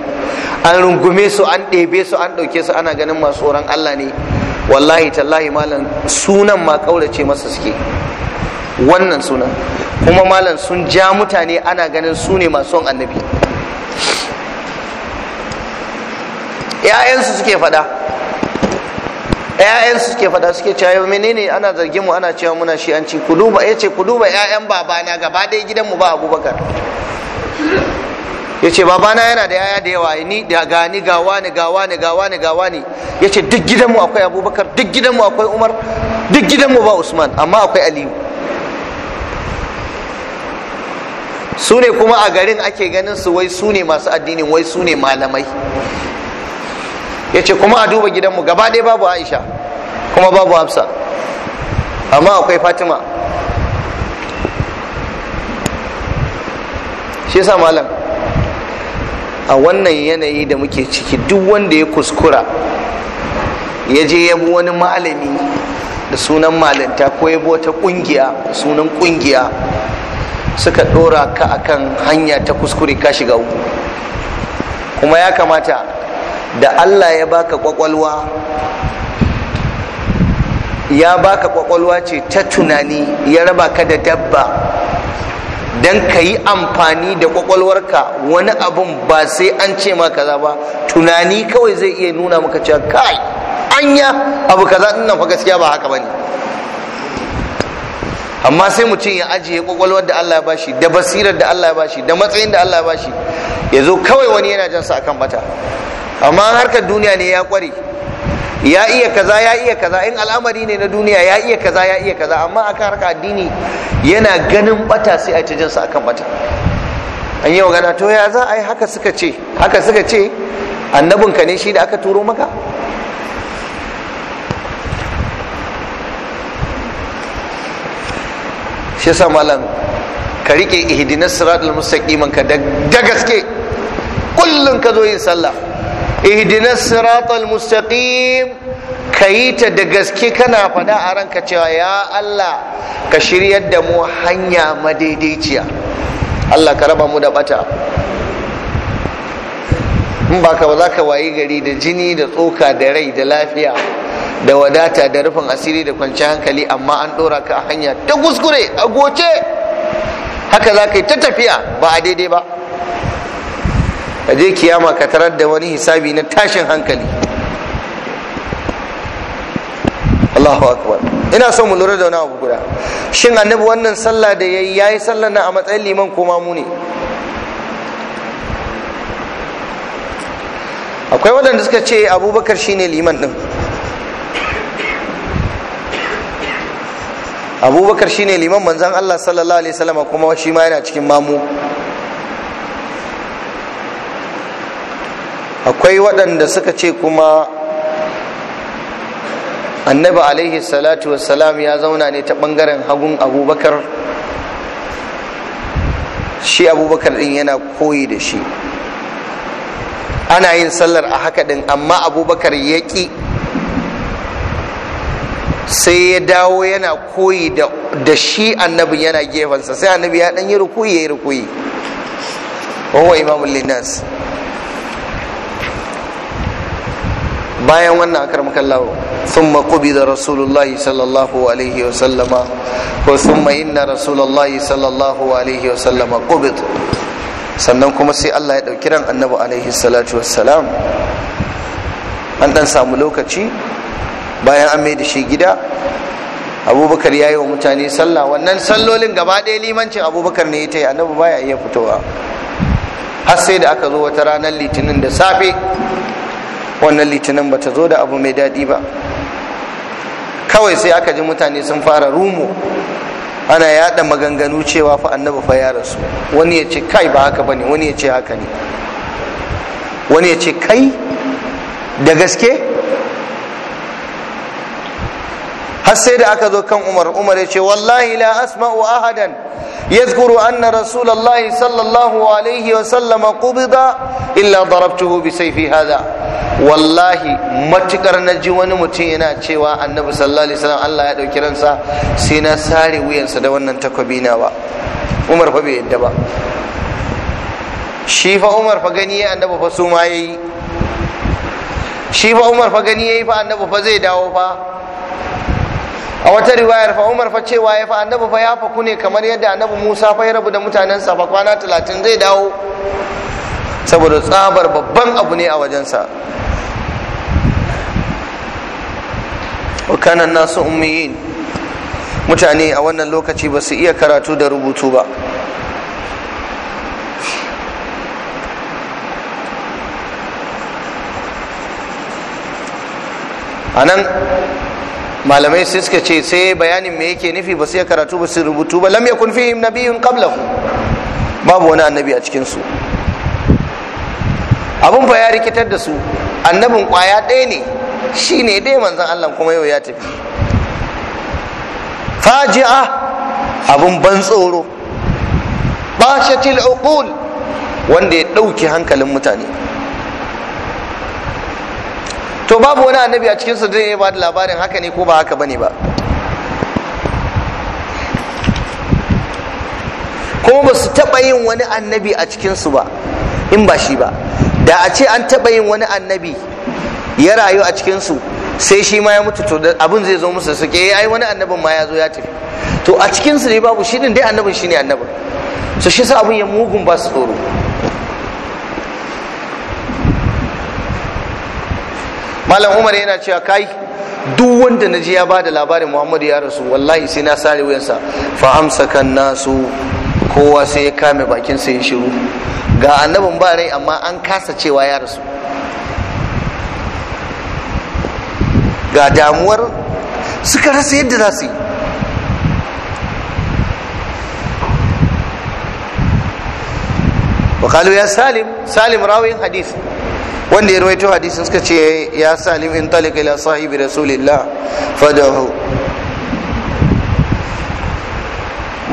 an rungume su an ɗebe su an ɗauke su ana ganin masu tsoron Allah ne wallahi tallahi malam sunan ma ƙaurace masa suke wannan sunan kuma malam sun ja mutane ana ganin su ne masu son annabi ‘ya'yansu suke faɗa ƴaƴan suke faɗa suke cewa menene ana zargin mu ana cewa muna shi an ci ku duba ce. ku duba ƴaƴan babana gaba ɗaya gidan mu ba Abubakar ce babana yana da yaya da yawa ni da gani ga wani ga wani ga wani ga wani ce duk gidan mu akwai Abubakar duk gidan mu akwai Umar duk gidan mu ba Usman amma akwai Aliyu su ne kuma a garin ake ganin su wai su ne masu addinin wai su ne malamai ya ce kuma a duba gidanmu gaba ɗaya babu aisha kuma babu hafsa amma akwai fatima shi yasa malam a wannan yanayi da muke ciki duk wanda ya kuskura ya je ya bi wani malami da sunan malanta ko ya bi wata ƙungiya sunan ƙungiya suka ɗora ka akan hanya ta kuskure ka shiga uku kuma ya kamata da Allah ya baka kwakwalwa ya baka kwakwalwa ce ta tunani ya raba ka da dabba don ka yi amfani da kwakwalwarka wani abun ba sai an ce ma kaza ba tunani kawai zai iya nuna maka cewa kai anya abu kaza nan fa gaskiya ba haka ne. amma sai mutum ya ajiye kwakwalwar da Allah ya bashi da basirar da Allah ya bashi da matsayin da Allah ya bashi ya zo kawai wani yana jansa akan bata amma harkar duniya ne ya kware ya iya kaza ya iya kaza in al'amari ne na duniya ya iya kaza ya iya kaza amma a kan harka addini yana ganin bata sai a cijin sa akan bata an yi magana to ya za a yi haka suka ce haka suka ce ka ne shi da aka turo maka shi yasa malam ka rike ihdinas siratal mustaqim ka da gaske kullun ka zo yin sallah ihdina siratal mustaqim kayi ta da gaske kana fada a ranka cewa ya Allah ka shiryar da mu hanya madaidaiciya Allah ka raba mu da bata in ba za ka wayi gari da jini da tsoka da rai da lafiya da wadata da rufin asiri da kwanciyar hankali amma an dora ka a hanya ta kuskure a goce haka za ka yi ta tafiya ba a daidai ba ka je kiyama ka tarar da wani hisabi na tashin hankali Allahu akbar ina son mu lura da wani abu guda shin annabi wannan sallah da yayi yayi sallah na a matsayin liman ko mamu ne akwai waɗanda suka ce abubakar shine liman din abubakar shine liman manzan Allah sallallahu alaihi wasallam kuma shi ma yana cikin mamu akwai waɗanda suka ce kuma annabi alaihi salatu wassalam ya zauna ne ta ɓangaren hagun abubakar shi abubakar ɗin yana koyi da shi ana yin sallar a haka ɗin amma abubakar ya ƙi sai ya dawo yana koyi da shi annabi yana gefensa sai annabi ya ɗan yi rukuyi ya yi rukuyi wawa imamun linnas bayan wannan akarmakallahu ثم قبض رسول الله صلى الله عليه وسلم وثم إن inna الله sallallahu alaihi wa sallama قبض sannan kuma sai Allah ya ɗauki ran annabu alaihi salatu wasalam an ɗan samu lokaci bayan an mai da shi gida abubakar ya yi wa mutane sallah wannan sallolin gaba ɗaya limancin abubakar ne ya ta yi annabu baya iya fitowa har sai da aka zo wata ranar litinin da safe wannan litinin bata zo da abu mai daɗi ba kawai sai aka ji mutane sun fara rumo ana yada maganganu cewa fa annabi fa ya rasu wani ya ce kai ba haka bane wani ya ce haka ne wani ya ce kai da gaske har sai da aka zo kan umar umar ya ce wallahi la asma'u ahadan yadhkuru anna rasulullahi sallallahu alaihi wa sallam qubida illa darabtuhu bi sayfi hadha wallahi matukar na ji wani mutum yana cewa annabi sallallahu alaihi wasallam Allah ya dauki ransa sai na sare wuyansa da wannan takobi na ba umar fa bai yadda ba shi fa umar fa gani ya annabi fa su ma yayi shi fa umar fa gani yayi fa annabi fa zai dawo fa a wata riwayar fa Umar fa cewa ya fa annabi fa ya fa ne kamar yadda annabi Musa fa ya rabu da mutanensa fa kwana talatin zai dawo saboda tsabar babban abu ne a wajensa wa kana nasu ummiyin mutane a wannan lokaci ba su iya karatu da rubutu ba a malamai sai suka ce sai bayanin me yake nufi ba sai karatu ba su rubutu ba lam yakun fihim nabiyyun qablahu babu wani annabi a cikin su abun fa ya rikitar da su annabin kwaya ɗaya ne shine dai manzon Allah kuma yau ya tafi faji'a abun ban tsoro bashatil uqul wanda ya ɗauki hankalin mutane to babu wani annabi a cikin su zai ba da labarin haka ne ko ba haka bane ba kuma ba su taɓa yin wani annabi a cikinsu ba in ba shi ba da a ce an taba yin wani annabi ya rayu a cikinsu sai shi ma ya mutu to abin zai zo musu suke ya eh, yi wani annabin ma ya zo ya tafi to a cikinsu ne babu shi din dai annabin shi ne annabin su shi sa abin ya mugun ba su tsoro malam umar yana cewa kai duk wanda naji ya bada labarin muhammadu ya rasu wallahi sai na sare wuyansa fa amsakan nasu kowa sai ya kame bakin sa ya shiru ga annabin ba rai amma an kasa cewa ya rasu ga damuwar suka rasa yadda za su yi وقالوا ya Salim salim راوي hadith wanda ya rawaito hadisin suka ce ya salim in talika ila sahibi rasulillah fadahu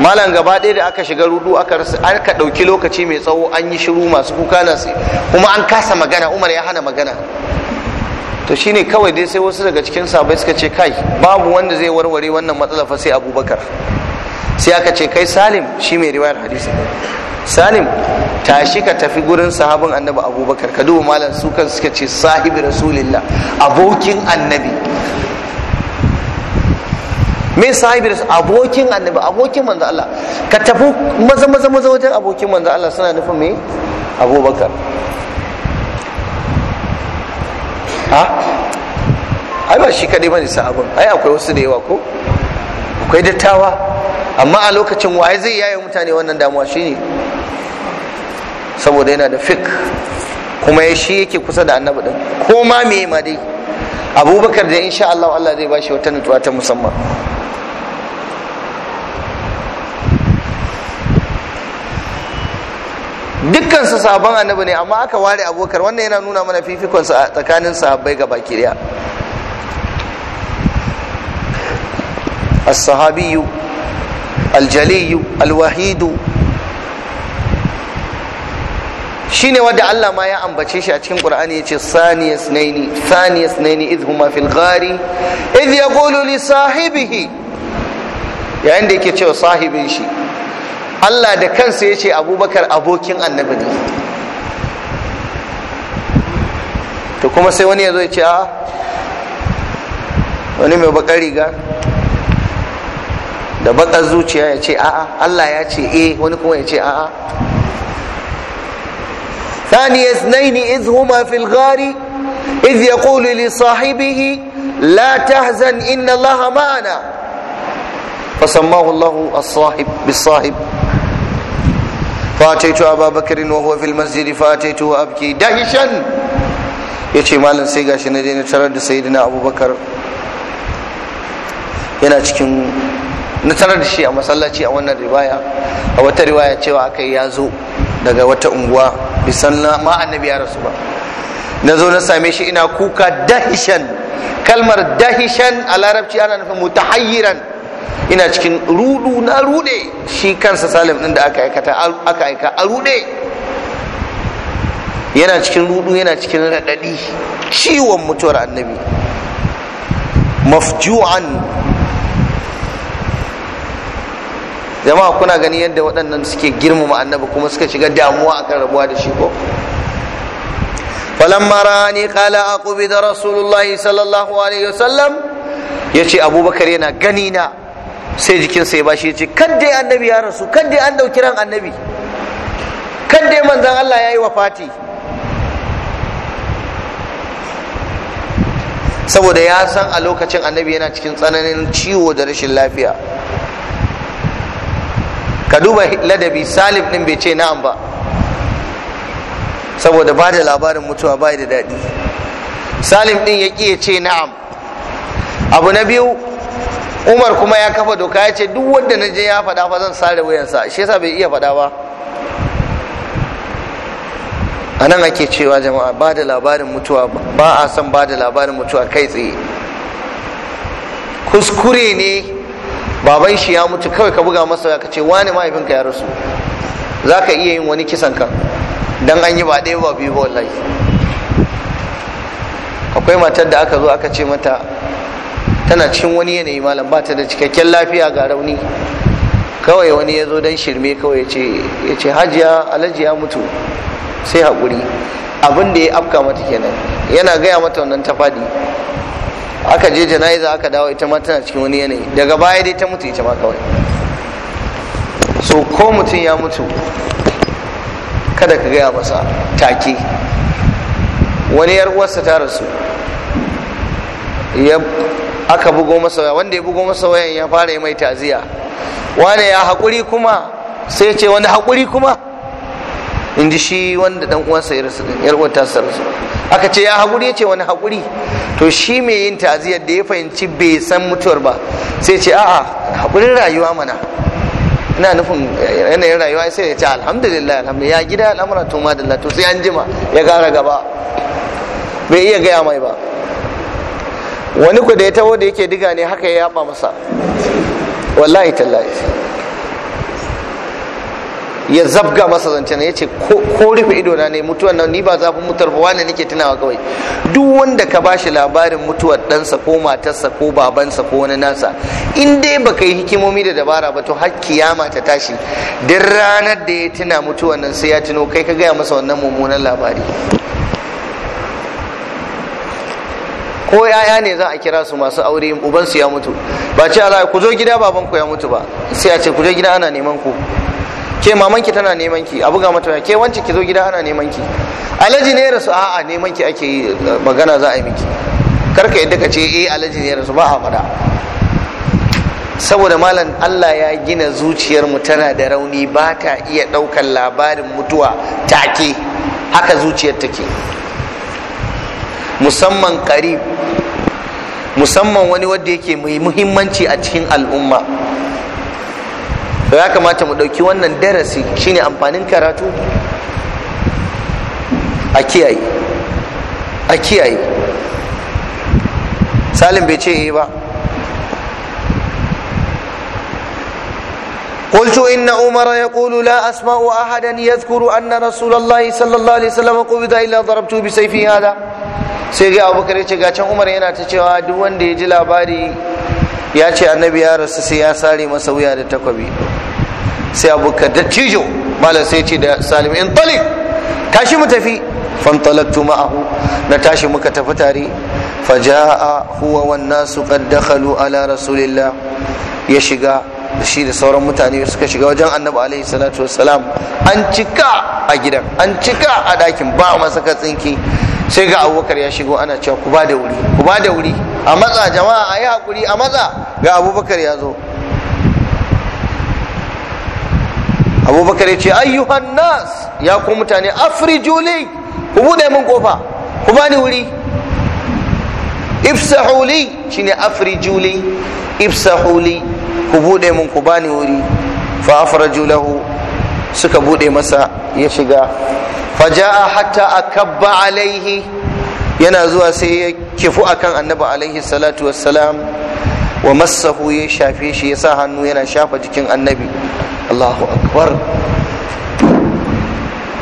malam gaba ɗaya da aka shiga rudu aka aka ɗauki lokaci mai tsawo an yi shiru masu kuka na kuma an kasa magana umar ya hana magana to shine kawai dai sai wasu daga cikin sabai suka ce kai babu wanda zai warware wannan matsala fa sai abubakar sai aka ce kai salim shi mai riwayar hadisi salim tashi ka tafi gurin sahabin annabi abubakar ka duba malam su kan suka ce sahibi rasulillah abokin annabi me sahibi abokin annabi abokin manzo Allah ka tafi maza maza maza wajen abokin manzo Allah suna nufin me abubakar ha ai ba shi kadai bane sahabin ai akwai wasu da yawa ko akwai dattawa amma a lokacin waye zai yaye mutane wannan damuwa shine saboda yana da fik kuma ya shi yake kusa da annabi din ko ma me ma dai abubakar da insha Allah Allah zai bashi wata nutsuwa ta musamman dukkan su sahabban annabi ne amma aka ware abokar wannan yana nuna mana fifikon su tsakanin sahabbai ga baki daya as-sahabiyyu al-jaliyyu al-wahidu Shi ne wadda Allah ma ya ambace shi a cikin Qur'ani yace saniya na saniya snaini idh huma fil ghari idh yaqulu li sahibihi yayin da yake cewa sahibin shi Allah da kansa yace Abubakar abokin annabi ne to kuma sai wani yazo ya ce a ah, wani mai bakar riga da bakar zuciya ya ce a'a Allah ya ce eh wani kuma ya ce a'a ثاني اثنين إذ هما في الغار إذ يقول لصاحبه لا تحزن إن الله معنا فسماه الله الصاحب بالصاحب فأتيت أبا بكر وهو في المسجد فأتيته أبكي دهشا يتي مالا سيغا شندين ترد سيدنا أبو بكر yana cikin na da shi a masallaci a wannan riwaya a wata riwaya cewa aka ya zo daga wata unguwa bisan ma annabi ya rasu ba na zo na same shi ina kuka dahishan kalmar dahishan a larabci ana nufin mutahayyiran ina cikin rudu na rude shi kansa salim din da aka aikata aka aika a rude yana cikin rudu yana cikin raɗaɗi ciwon mutuwar annabi mafju'an jama'a kuna gani yadda waɗannan suke girmama annabi kuma suka shiga damuwa akan rabuwa da shi ko falamma rani qala aqubi da rasulullahi sallallahu alaihi wasallam yace abubakar yana gani na sai jikinsa ya bashi yace kadda annabi ya rasu kadda an dauki ran annabi kadda manzon Allah yayi wafati saboda ya san a lokacin annabi yana cikin tsananin ciwo da rashin lafiya ka duba ladabi salim din bai ce na'am ba saboda ba da labarin mutuwa ba da daɗi salim din ya ƙi ya ce na'am abu na biyu umar kuma ya kafa doka ya ce duk wanda na je ya faɗa fa zan sare wuyansa shi yasa bai iya faɗa ba a nan ake cewa jama'a ba da labarin mutuwa ba a son ba da labarin mutuwa kai tsaye kuskure ne baban shi ya mutu kawai ka buga masa ka ce wani mahaifinka ya rasu za ka iya yin wani kisan ka don an yi ba ɗaya ba biyu ba wallahi akwai matar da aka zo aka ce mata tana cikin wani yanayi malam ba ta da cikakken lafiya ga rauni kawai wani ya zo don shirme kawai ya ce hajiya alhaji ya mutu sai haƙuri abin da ya afka mata kenan yana gaya mata wannan ta faɗi aka je jana'iza aka dawo ita ma tana cikin wani yanayi daga baya dai ta mutu ita ma kawai so ko mutum ya mutu kada ka gaya masa take wani yar uwarsa ta rasu ya aka bugo masa waya wanda ya bugo masa wayan ya fara yi mai taziya wane ya haƙuri kuma sai ce wani haƙuri kuma in ji shi wanda dan uwansa ya rasu din yar uwar sa rasu aka ce ya haƙuri ya ce wani haƙuri to shi mai yin ta'aziyar da ya fahimci bai san mutuwar ba sai ce a'a haƙurin rayuwa mana ina nufin yanayin rayuwa sai ya ce alhamdulillah alhamdulillah ya gida al'amura to madalla to sai an jima ya gara gaba bai iya gaya mai ba wani ku da ya taho da yake diga ne haka ya yaba masa wallahi tallahi ya zabga masa zancen ya ce ko rufe idona ne mutuwan nan ni ba zafin mutuwar ba wani nake tunawa kawai duk wanda ka bashi labarin mutuwar ɗansa ko matarsa ko babansa ko wani nasa in dai baka yi hikimomi da dabara ba to har kiyama ta tashi duk ranar da ya tuna mutuwan nan sai ya tuno kai ka gaya masa wannan mummunan labari ko yaya ne za a kira su masu aure ubansu ya mutu ba ce ala ku zo gida babanku ya mutu ba sai a ce ku zo gida ana neman ku ke mamanki tana neman ki a buga mata ke wance ki zo gida ana neman ki alaji ne rasu a'a neman ki ake yi magana za a yi miki karka yadda ka ce eh alaji ne rasu ba a faɗa saboda malam Allah ya gina zuciyar mu tana da rauni ba ta iya ɗaukar labarin mutuwa take haka zuciyar take musamman karib musamman wani wanda yake mai muhimmanci a cikin al'umma to ya kamata mu ɗauki wannan darasi shine amfanin karatu a kiyaye a kiyaye salim bai ce yi eh ba قلت إن عمر يقول لا أسمع أحدا يذكر أن رسول الله صلى الله عليه وسلم قبض إلا ضربته بسيفي هذا sai ga abubakar ya ce ga can umar yana ta cewa duk wanda ya labari ya ce annabi ya rasu sai ya sare masa wuya da takwabi sai ka da cijo malam sai ce da salim in tali tashi mu tafi fantalaktu ma'ahu na tashi muka tafi tare faja'a huwa wan nasu qad dakhalu ala rasulillah ya shiga shi da sauran mutane suka shiga wajen annabi alaihi salatu wassalam an cika a gidan an cika a dakin ba masa tsinki sai ga abubakar ya shigo ana cewa ku ba da wuri ku ba da wuri a matsa jama'a a yi haƙuri a matsa ga abubakar ya zo abubakar ya ce ayyuhan nas ya ku mutane juli ku buɗe min kofa ku ba da wuri ifsahuli shine afrijuli ifsahuli ku buɗe min ku ba ni wuri fa afra julahu suka buɗe masa ya shiga faja'a hatta akabba alaihi yana zuwa sai ya kifu akan annabi alaihi salatu wassalam wa massahu ya shafe shi ya sa hannu yana shafa jikin annabi Allahu akbar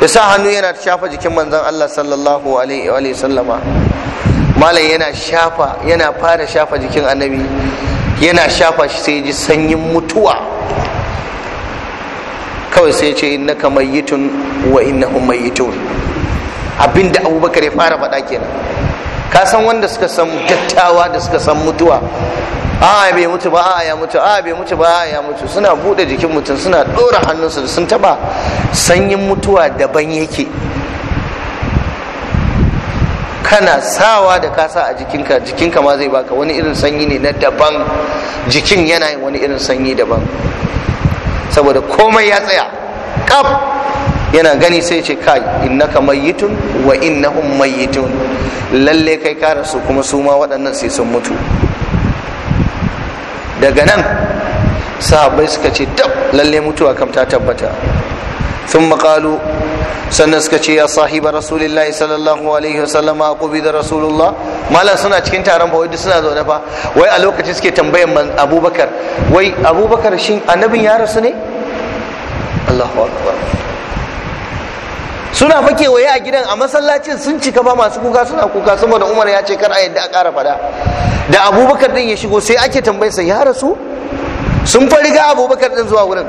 ya sa hannu yana shafa jikin manzon Allah sallallahu alaihi wa sallama malam yana shafa yana fara shafa jikin annabi yana shafa shi sai ji sanyin mutuwa kawai sai ce innaka mayyitun wa innahum mayyitun abinda abubakar ya fara faɗa kenan ka san wanda suka san dattawa da suka san mutuwa a bai mutu ba a ya mutu a bai mutu ba a ya mutu suna bude jikin mutum suna ɗora hannunsu da sun taba sanyin mutuwa daban yake kana sawa da kasa a jikinka jikinka ma zai baka wani irin sanyi ne na daban jikin yana yin wani irin sanyi daban saboda komai ya tsaya kaf yana gani sai ce kai innaka mayyitun wa innahum mayyitun lalle kai ka rasu kuma su ma waɗannan sai sun mutu daga nan sahabbai suka ce tab lalle mutuwa kam ta tabbata sun maƙalu sannan suka ce ya sahiba rasulillah sallallahu alaihi wasallam a kubi da rasulullah malam suna cikin taron ba wadda suna zaune fa wai a lokacin suke tambayan abubakar wai abubakar shin annabin ya rasu ne allahu akbar suna fake waye a gidan a masallacin sun cika ba masu kuka suna kuka saboda umar ya ce kar a yadda a ƙara fada da abubakar din ya shigo sai ake tambayarsa ya rasu sun fa riga abubakar din zuwa wurin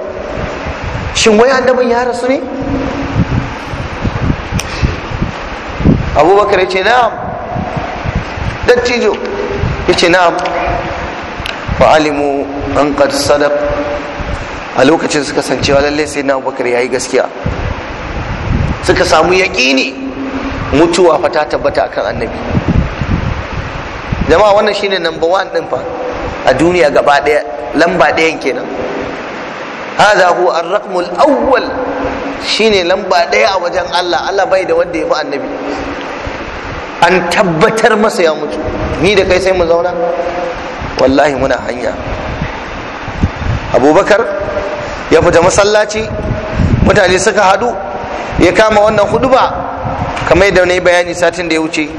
shin wai annabin ya rasu ne abubakar ya ce na'am dattijo ya ce na'am alimu an qad a lokacin suka san cewa lallai sai na abubakar ya yi gaskiya suka samu yaƙini mutuwa fa ta tabbata akan annabi jama'a wannan shine number one din fa a duniya gaba ɗaya lamba ɗayan kenan haza huwa ar-raqmul awwal shine lamba ɗaya a wajen Allah Allah bai da wanda ya fi annabi an tabbatar masa ya mutu ni da kai sai mu zauna wallahi muna hanya abubakar ya fita masallaci mutane suka hadu ya kama wannan huduba kamar yadda yi bayani satin da ya wuce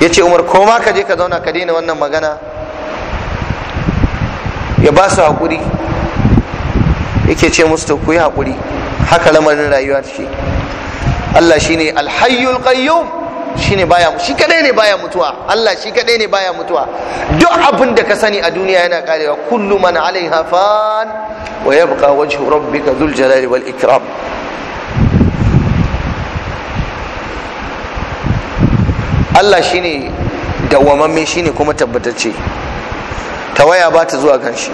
ya ce umar koma ka je ka zauna ka daina wannan magana ya ba su haƙuri yake ce musu to ku yi haƙuri haka lamarin rayuwa take Allah shine alhayyul qayyum shine baya shi kadai ne baya mutuwa Allah shi kadai ne baya mutuwa duk abin da ka sani a duniya yana karewa kullu man alaiha fan wa yabqa wajhu rabbika dhul jalali wal ikram Allah shine dawwamamme shine kuma tabbatacce tawaya ba ta zuwa kan shi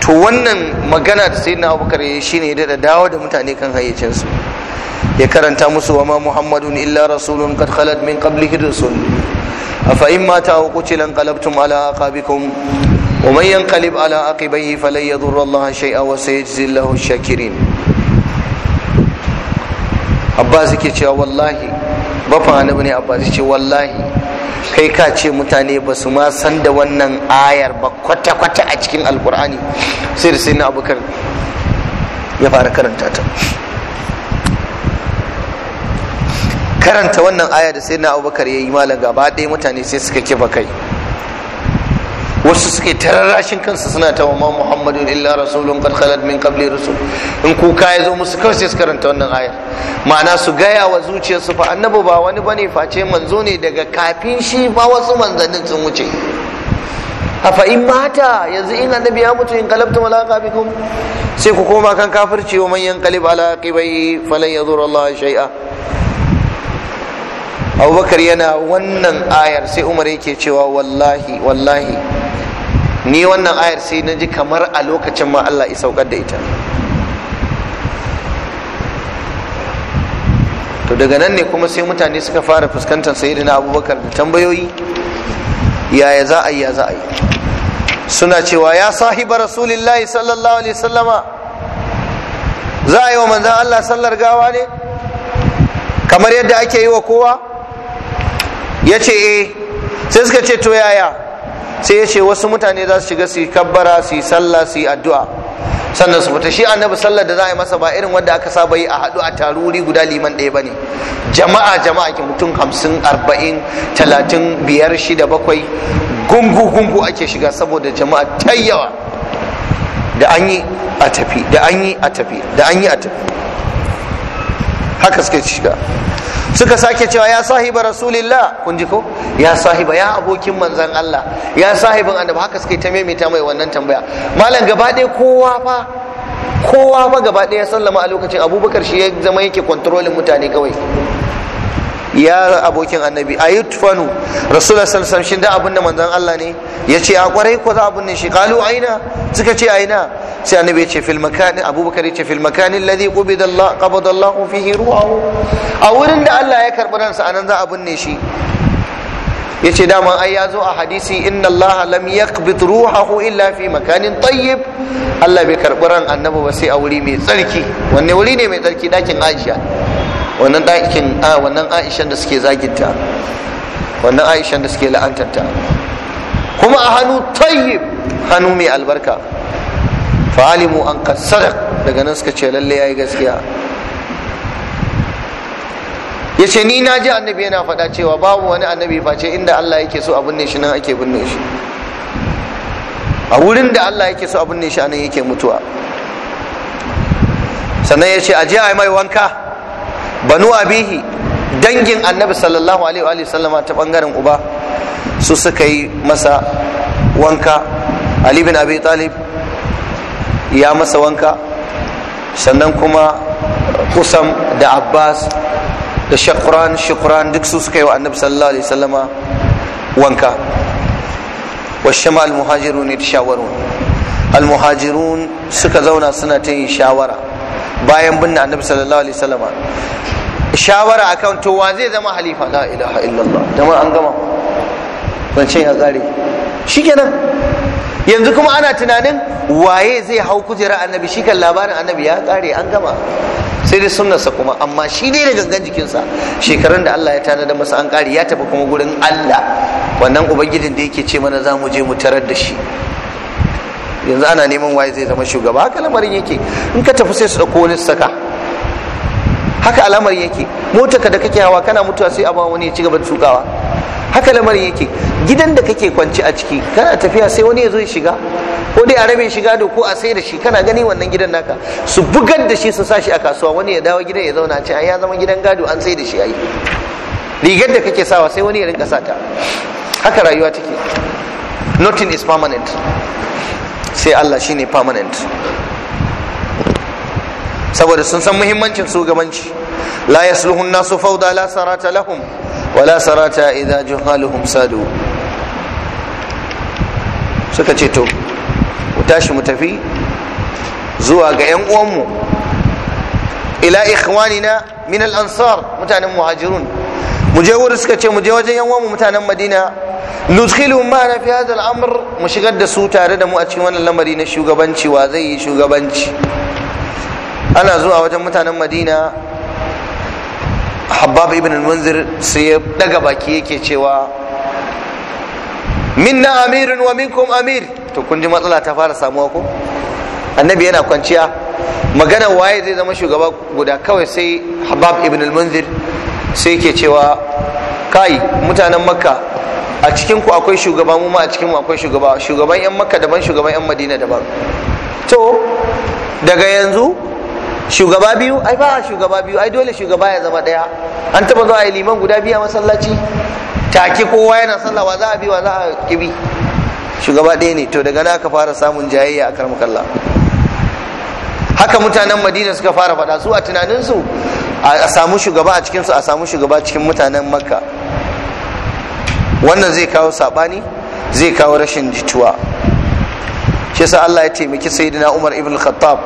to wannan magana da sayyidina Abubakar ya shine da dawo da mutane kan hayyacinsu ya karanta musu wa ma muhammadun illa rasulun kad khalat min qablihi rusul afa in mata aw qutila qalabtum ala aqabikum wa man yanqalib ala aqibayhi falan yadurra allaha shay'a wa sayajzi allahu shakirin abbas yake cewa wallahi bafa annabi ne abbas yace wallahi kai ka ce mutane ba su ma san da wannan ayar ba kwata-kwata a cikin alkur'ani sai da sai na abubakar ya fara karanta ta karanta wannan aya da sai na abubakar ya yi malam gaba ɗaya mutane sai suka kifa kai wasu suke tararrashin kansu suna ta wa muhammadu illa rasulun qad min qabli rusul in kuka ya zo musu kawai sai su karanta wannan aya ma'ana su gaya wa zuciyarsu fa annabi ba wani bane face manzo ne daga kafin shi ba wasu manzannin sun wuce afa in mata yanzu in annabi ya mutu in wala ala kuma? sai ku koma kan kafirci wa man yanqalib ala aqibai falan yadhur Allah shay'a abubakar yana wannan ayar sai umar yake cewa wallahi wallahi ni wannan ayar sai na ji kamar a lokacin ma Allah ya saukar da ita to daga nan ne kuma sai mutane suka fara fuskantar sayyidina abubakar da tambayoyi yaya za a yi ya za a yi suna cewa ya sahiba rasulillahi sallallahu alaihi sallama za a yi wa manzan Allah sallar gawa ne kamar yadda ake yi wa kowa ya ce eh sai suka ce to yaya sai ya ce wasu mutane za su shiga su yi kabbara su yi sallah su yi addu'a sannan su fita shi annabi sallar da za a yi masa ba irin wanda aka saba yi a haɗu a taruri guda liman ɗaya bane jama'a jama'a ke mutum hamsin arba'in talatin biyar shida bakwai gungu gungu ake shiga saboda jama'a ta yawa da an yi a tafi da an yi a tafi da an yi a tafi haka suke shiga suka sake cewa ya sahiba rasulillah kun ji ko ya sahiba ya abokin manzan Allah ya sahibin annabi haka suka ta ta mai wannan tambaya malam gaba ɗaya kowa fa kowa fa gaba ɗaya sallama a lokacin abubakar shi ya zama yake kontrolin mutane kawai ya abokin annabi a yutfanu rasulullah sallallahu alaihi da abinda manzon Allah ne ya ce a kwarai ko za abin shi kalu aina suka ce aina sai annabi ya ce fil makani abubakar yace ce fil makani alladhi qubida Allah qabada Allah fihi ruhahu a wurin da Allah ya karbi ransa anan za a binne shi yace dama ai ya zo a hadisi inna Allah lam yaqbid ruhahu illa fi makanin tayyib Allah bai karbi ran annabi ba sai a wuri mai tsarki wanne wuri ne mai tsarki dakin Aisha wannan ɗakin a wannan aishan da suke zaginta wannan aishan da suke la'antarta, kuma a hannu tayyib hannu mai albarka fa'alimu an kasar sadaq daga nan suka ce lalle ya yi gaskiya ya ce ni na ji annabi yana faɗa cewa babu wani annabi face inda Allah yake so a binne shi nan ake binne shi a wurin da Allah yake so a binne shi nan yake mutuwa sannan ya ce a je a yi mai wanka banu abihi dangin annabi sallallahu alaihi wa sallama ta bangaren uba su suka yi masa wanka ali bin abi talib ya masa wanka sannan kuma kusam da abbas da shakuran shakuran duk su suka yi wa annabi sallallahu alaihi wasallama wanka washama almuhajirun shawarun almuhajirun suka zauna suna ta yin shawara bayan binne annabi sallallahu alaihi wasallama shawara akan to wa zai zama halifa la ilaha illallah jama'a an gama ce ya tsare shikenan yanzu kuma ana tunanin waye zai hau kujera annabi shi kan labarin annabi ya tsare an gama sai dai sunnarsa kuma amma shi dai da gangan jikinsa shekarun da Allah ya tanada masa an kare ya tafi kuma gurin Allah wannan ubangijin da yake ce mana za mu je mu tarar da shi yanzu ana neman waye zai zama shugaba haka lamarin yake in ka tafi sai su dauko wani saka haka alamar yake mota ka da kake hawa kana mutuwa sai a ba wani ya ci gaba da tukawa haka lamarin yake gidan da kake kwanci a ciki kana tafiya sai wani ya zo ya shiga ko dai a rabe shiga da ko a sai da shi kana gani wannan gidan naka su bugar da shi su sa a kasuwa wani ya dawo gidan ya zauna a ya zama gidan gado an sai da shi ayi rigar da kake sawa sai wani ya rinka sata haka rayuwa take nothing is permanent sai Allah shine permanent saboda sun san muhimmancin shugabanci la yasluhu nasu fauda la sarata lahum wa la sarata idza juhaluhum sadu suka ce to mu tashi mu tafi zuwa ga yan uwanmu ila ikhwanina min al-ansar mutanen muhajirun mu je wurin suka ce mu je wajen yan uwanmu mutanen madina nudkhiluhum ma'ana fi hadha al-amr mu shigar da su tare da mu a cikin wannan lamari na shugabanci wa zai yi shugabanci ana zuwa wajen mutanen Madina Habbab ibn al-Munzir sai ya daga baki yake cewa minna amirun wa minkum amir to kun ji matsala ta fara samuwa ko annabi yana kwanciya magana waye zai zama shugaba guda kawai sai habab ibn al-munzir sai yake cewa kai mutanen makka a cikin ku akwai shugaba mu ma a cikin mu akwai shugaba shugaban yan makka daban shugaban yan madina daban to daga yanzu shugaba biyu ai ba shugaba biyu ai dole shugaba ya zama daya an taba zuwa liman guda biya masallaci take kowa yana sallah wa za a bi wa za a kibi shugaba ɗaya ne to daga na aka fara samun jayayya a karmakalla haka mutanen madina suka fara faɗa su a tunaninsu a samu shugaba a cikinsu a samu shugaba cikin mutanen makka wannan zai kawo sabani zai kawo rashin jituwa shi sa Allah ya taimaki sayyidina Umar ibn Khattab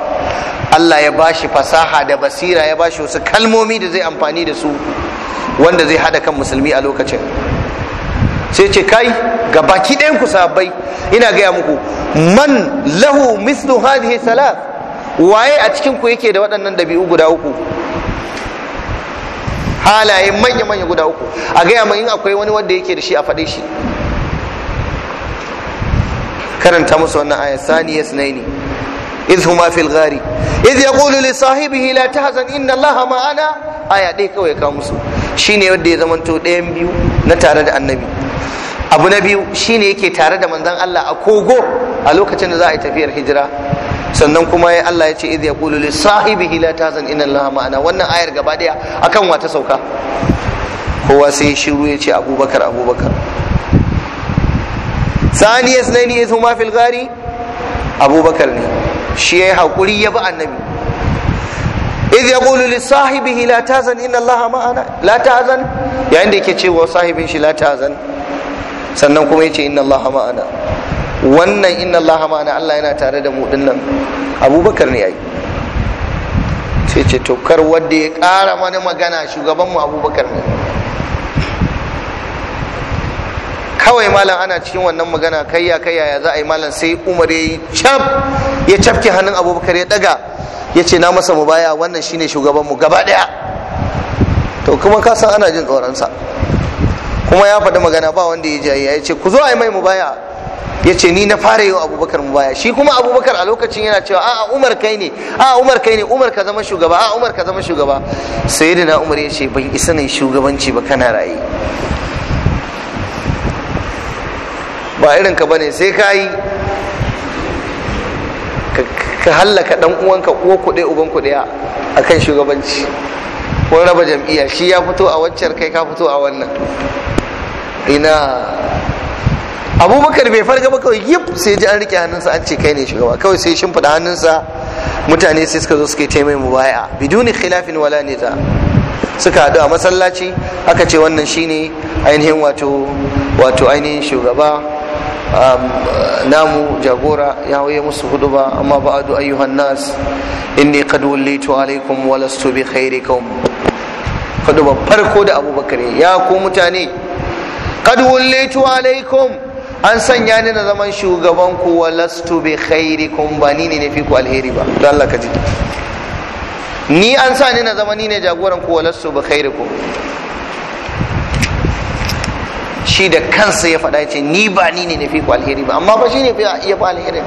Allah ya bashi fasaha da basira ya bashi wasu kalmomi da zai amfani da su wanda zai hada kan musulmi a lokacin sai ce kai ga baki ɗayan ku sahabbai ina gaya muku man lahu mislu hadhihi salat waye a cikin ku yake da waɗannan dabi'u guda uku halaye manya-manya guda uku a gaya mai in akwai wani wanda yake da shi a faɗe shi karanta musu wannan aya saniya ne iz huma fil ghari iz yaqulu li sahibihi la tahzan inna allaha ma'ana aya dai kawai ka musu shine wanda ya zamanto ɗayan biyu na tare da annabi abu na biyu shi ne yake tare da manzon Allah a kogo a lokacin da za a yi tafiyar hijira sannan kuma ya Allah ya ce idh yaqulu li sahibihi la tazan inna Allah ma'ana wannan ayar gaba daya akan wa ta sauka kowa sai shiru ya ce Abubakar Abubakar sani yasnaini ithuma fil ghari Abubakar ne shi yayi hakuri ya bi annabi idh yaqulu li sahibihi la tazan inna Allah ma'ana la tazan yayin da yake cewa sahibin shi la tazan sannan kuma yace inna Allah ma'ana wannan inna Allah ma'ana Allah yana tare da mu dinnan abubakar ne yayi sai ce to kar wanda ya kara mana magana shugaban mu abubakar ne kawai malam ana cikin wannan magana kayya kayya ya za a yi malam sai umar ya yi cap ya cafke hannun abubakar ya daga ya ce na masa mubaya wannan shine shugaban mu gaba daya to kuma ka san ana jin tsoron sa. kuma ya faɗi magana ba wanda ya ji ya ce ku zo a yi mai mubaya ya ce ni na fara yau abubakar mu baya shi kuma abubakar a lokacin yana cewa a'a umar kai ne a'a umar kai ne umar ka zama shugaba a'a umar ka zama shugaba sai na umar ya ce ban isa ne shugabanci ba kana raye ba irin ka bane sai ka yi ka hallaka dan uwanka uwa kuɗe uban kuɗe a kan shugabanci ko raba jam'iyya shi ya fito a waccar kai ka fito a wannan ina abubakar bai farga ba kawai yif sai ji an rike hannunsa an ce kai ne shugaba kawai sai shimfiɗa hannunsa mutane sai suka zo suka yi taimai mubaya biduni khilafin wala nita suka haɗu a masallaci aka ce wannan shine ainihin wato wato ainihin shugaba um, namu jagora ya waye musu hudu ba amma ba ba'adu ayyuhan nas inni qad wallitu alaikum wa lastu bi khairikum hudu farko da abubakar ya ku mutane qad wallitu alaikum an sanya ni na zaman shugaban ku wa lastu bi kun ba ni ne fi ku alheri ba don Allah ka ji ni an sa ni na zama ni ne jagoran ku wa lastu bi khairikum shi da kansa ya faɗa ce ni ba ni ne na fi ku alheri ba amma ba shi ne ya fi alheri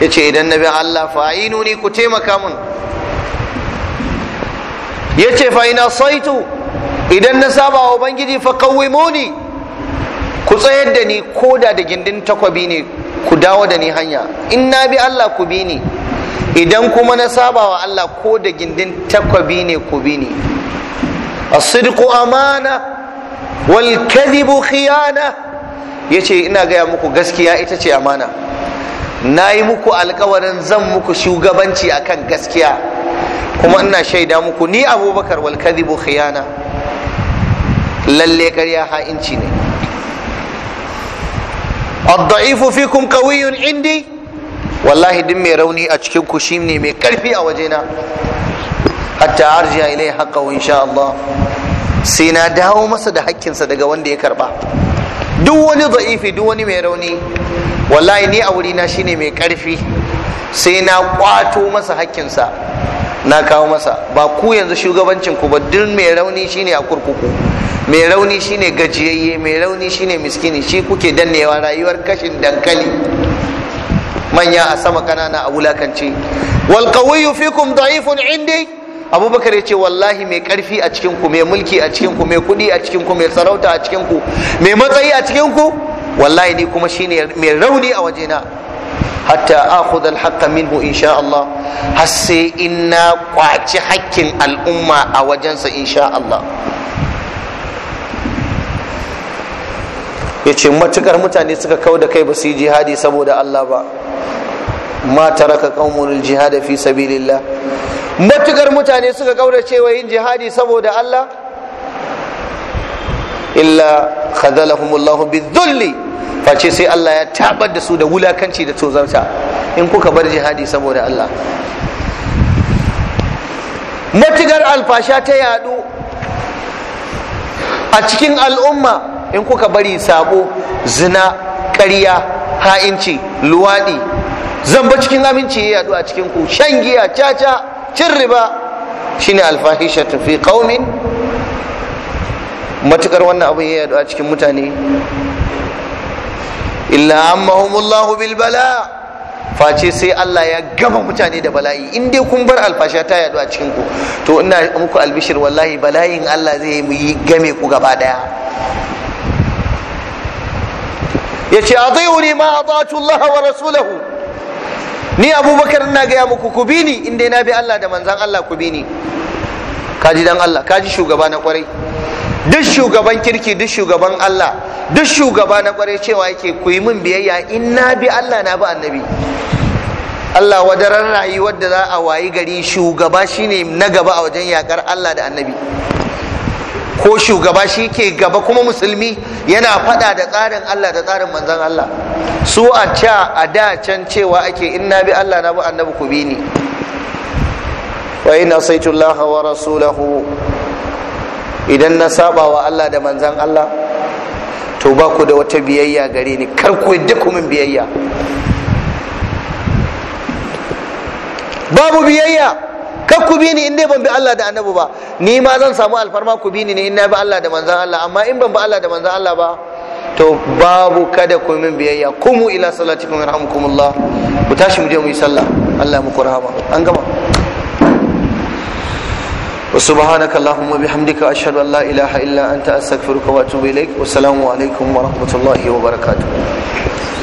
ya ce idan na bi Allah fa'inu ni ku taimaka mun ya ce fa'ina saitu idan na saba wa ubangiji fa moni ku tsayar da ni ko da gindin takwabi ne ku dawo da ni hanya in na bi Allah ku bi ni idan kuma na saba wa Allah ko da gindin takwabi ne ku bi ni as amana wal kadhibu khiyana yace ina gaya muku gaskiya ita ce amana na yi muku alkawarin zan muku shugabanci akan gaskiya kuma ina shaida muku ni abubakar wal kadhibu khiyana lalle ƙarya ha'inci ne adda'ifu fikum qawiyyun indi wallahi din mai rauni a cikin ku shine mai karfi a wajena hatta arjiya ilai haqqahu insha Allah sai na dawo masa da hakkinsa daga wanda ya karba duk wani da'ifi duk wani mai rauni wallahi ni a wuri na shine mai karfi sai na kwato masa hakkinsa na kawo masa ba ku yanzu shugabancin ku ba duk mai rauni shine a kurkuku mai rauni shine gajiyayye mai rauni shine miskini shi kuke dannewa rayuwar kashin dankali manya a sama kanana a wulakanci wal qawiyyu fikum da'ifun indi abubakar yace wallahi mai karfi a cikin ku mai mulki a cikin ku mai kudi a cikin ku mai sarauta a cikin ku mai matsayi a cikin ku wallahi ni kuma shine mai rauni a wajena hatta akhudha al-haqqa minhu insha Allah har sai in na kwaci hakkin al'umma a wajensa insha Allah ya ce matukar mutane suka kau da kai ba su yi jihadi saboda Allah ba ma taraka qaumun jihada fi sabilillah matukar mutane suka kaura cewa yin jihadi saboda Allah illa khadalahumullahu bidhulli face sai Allah ya tabar da su da wulakanci da tozarta in kuka bar jihadi saboda Allah matukar alfasha ta yadu a cikin al'umma in kuka bari sabo zina ƙarya ha'inci luwaɗi ba cikin aminci ya yadu a cikin ku shan giya caca cin riba shine alfahishatu fi qaumin matukar wannan abin ya yaɗu a cikin mutane illa ammahumullahu bil bala' face sai Allah ya gama mutane da bala'i in dai kun bar alfasha ta yadu a cikinku. to ina muku albishir wallahi bala'in Allah zai yi game ku gaba daya yace adhiuni ma adatu Allah wa rasulahu ni abubakar ina gaya muku ku bi ni inda na bi Allah da manzan Allah ku bi ni kaji dan Allah kaji shugaba na kwarai duk shugaban kirki duk shugaban Allah duk shugaba na kwarai cewa yake ku yi min biyayya in na bi Allah na bi annabi Allah wadaran rayuwar da za a wayi gari shugaba shine na gaba a wajen yakar Allah da annabi ko shugaba shi ke gaba kuma musulmi yana fada da tsarin Allah da tsarin manzan Allah su a ca a da can cewa ake inna bi Allah na bu annabi ku bi ni wa ina saitu Allah wa rasulahu idan na saba wa Allah da manzan Allah to ba ku da wata biyayya gare ni kar ku yadda ku biyayya babu biyayya kar ku bi ni in dai ban bi Allah da annabi ba ni ma zan samu alfarma ku bi ni ne in na bi Allah da manzan Allah amma in ban bi Allah da manzan Allah ba to babu kada ku min biyayya kumu ila salatikum yarhamukumullah ku tashi mu je mu yi sallah Allah an gama وسبحانك اللهم وبحمدك أشهد أن لا إله إلا أنت أستغفرك وأتوب إليك والسلام عليكم ورحمة الله وبركاته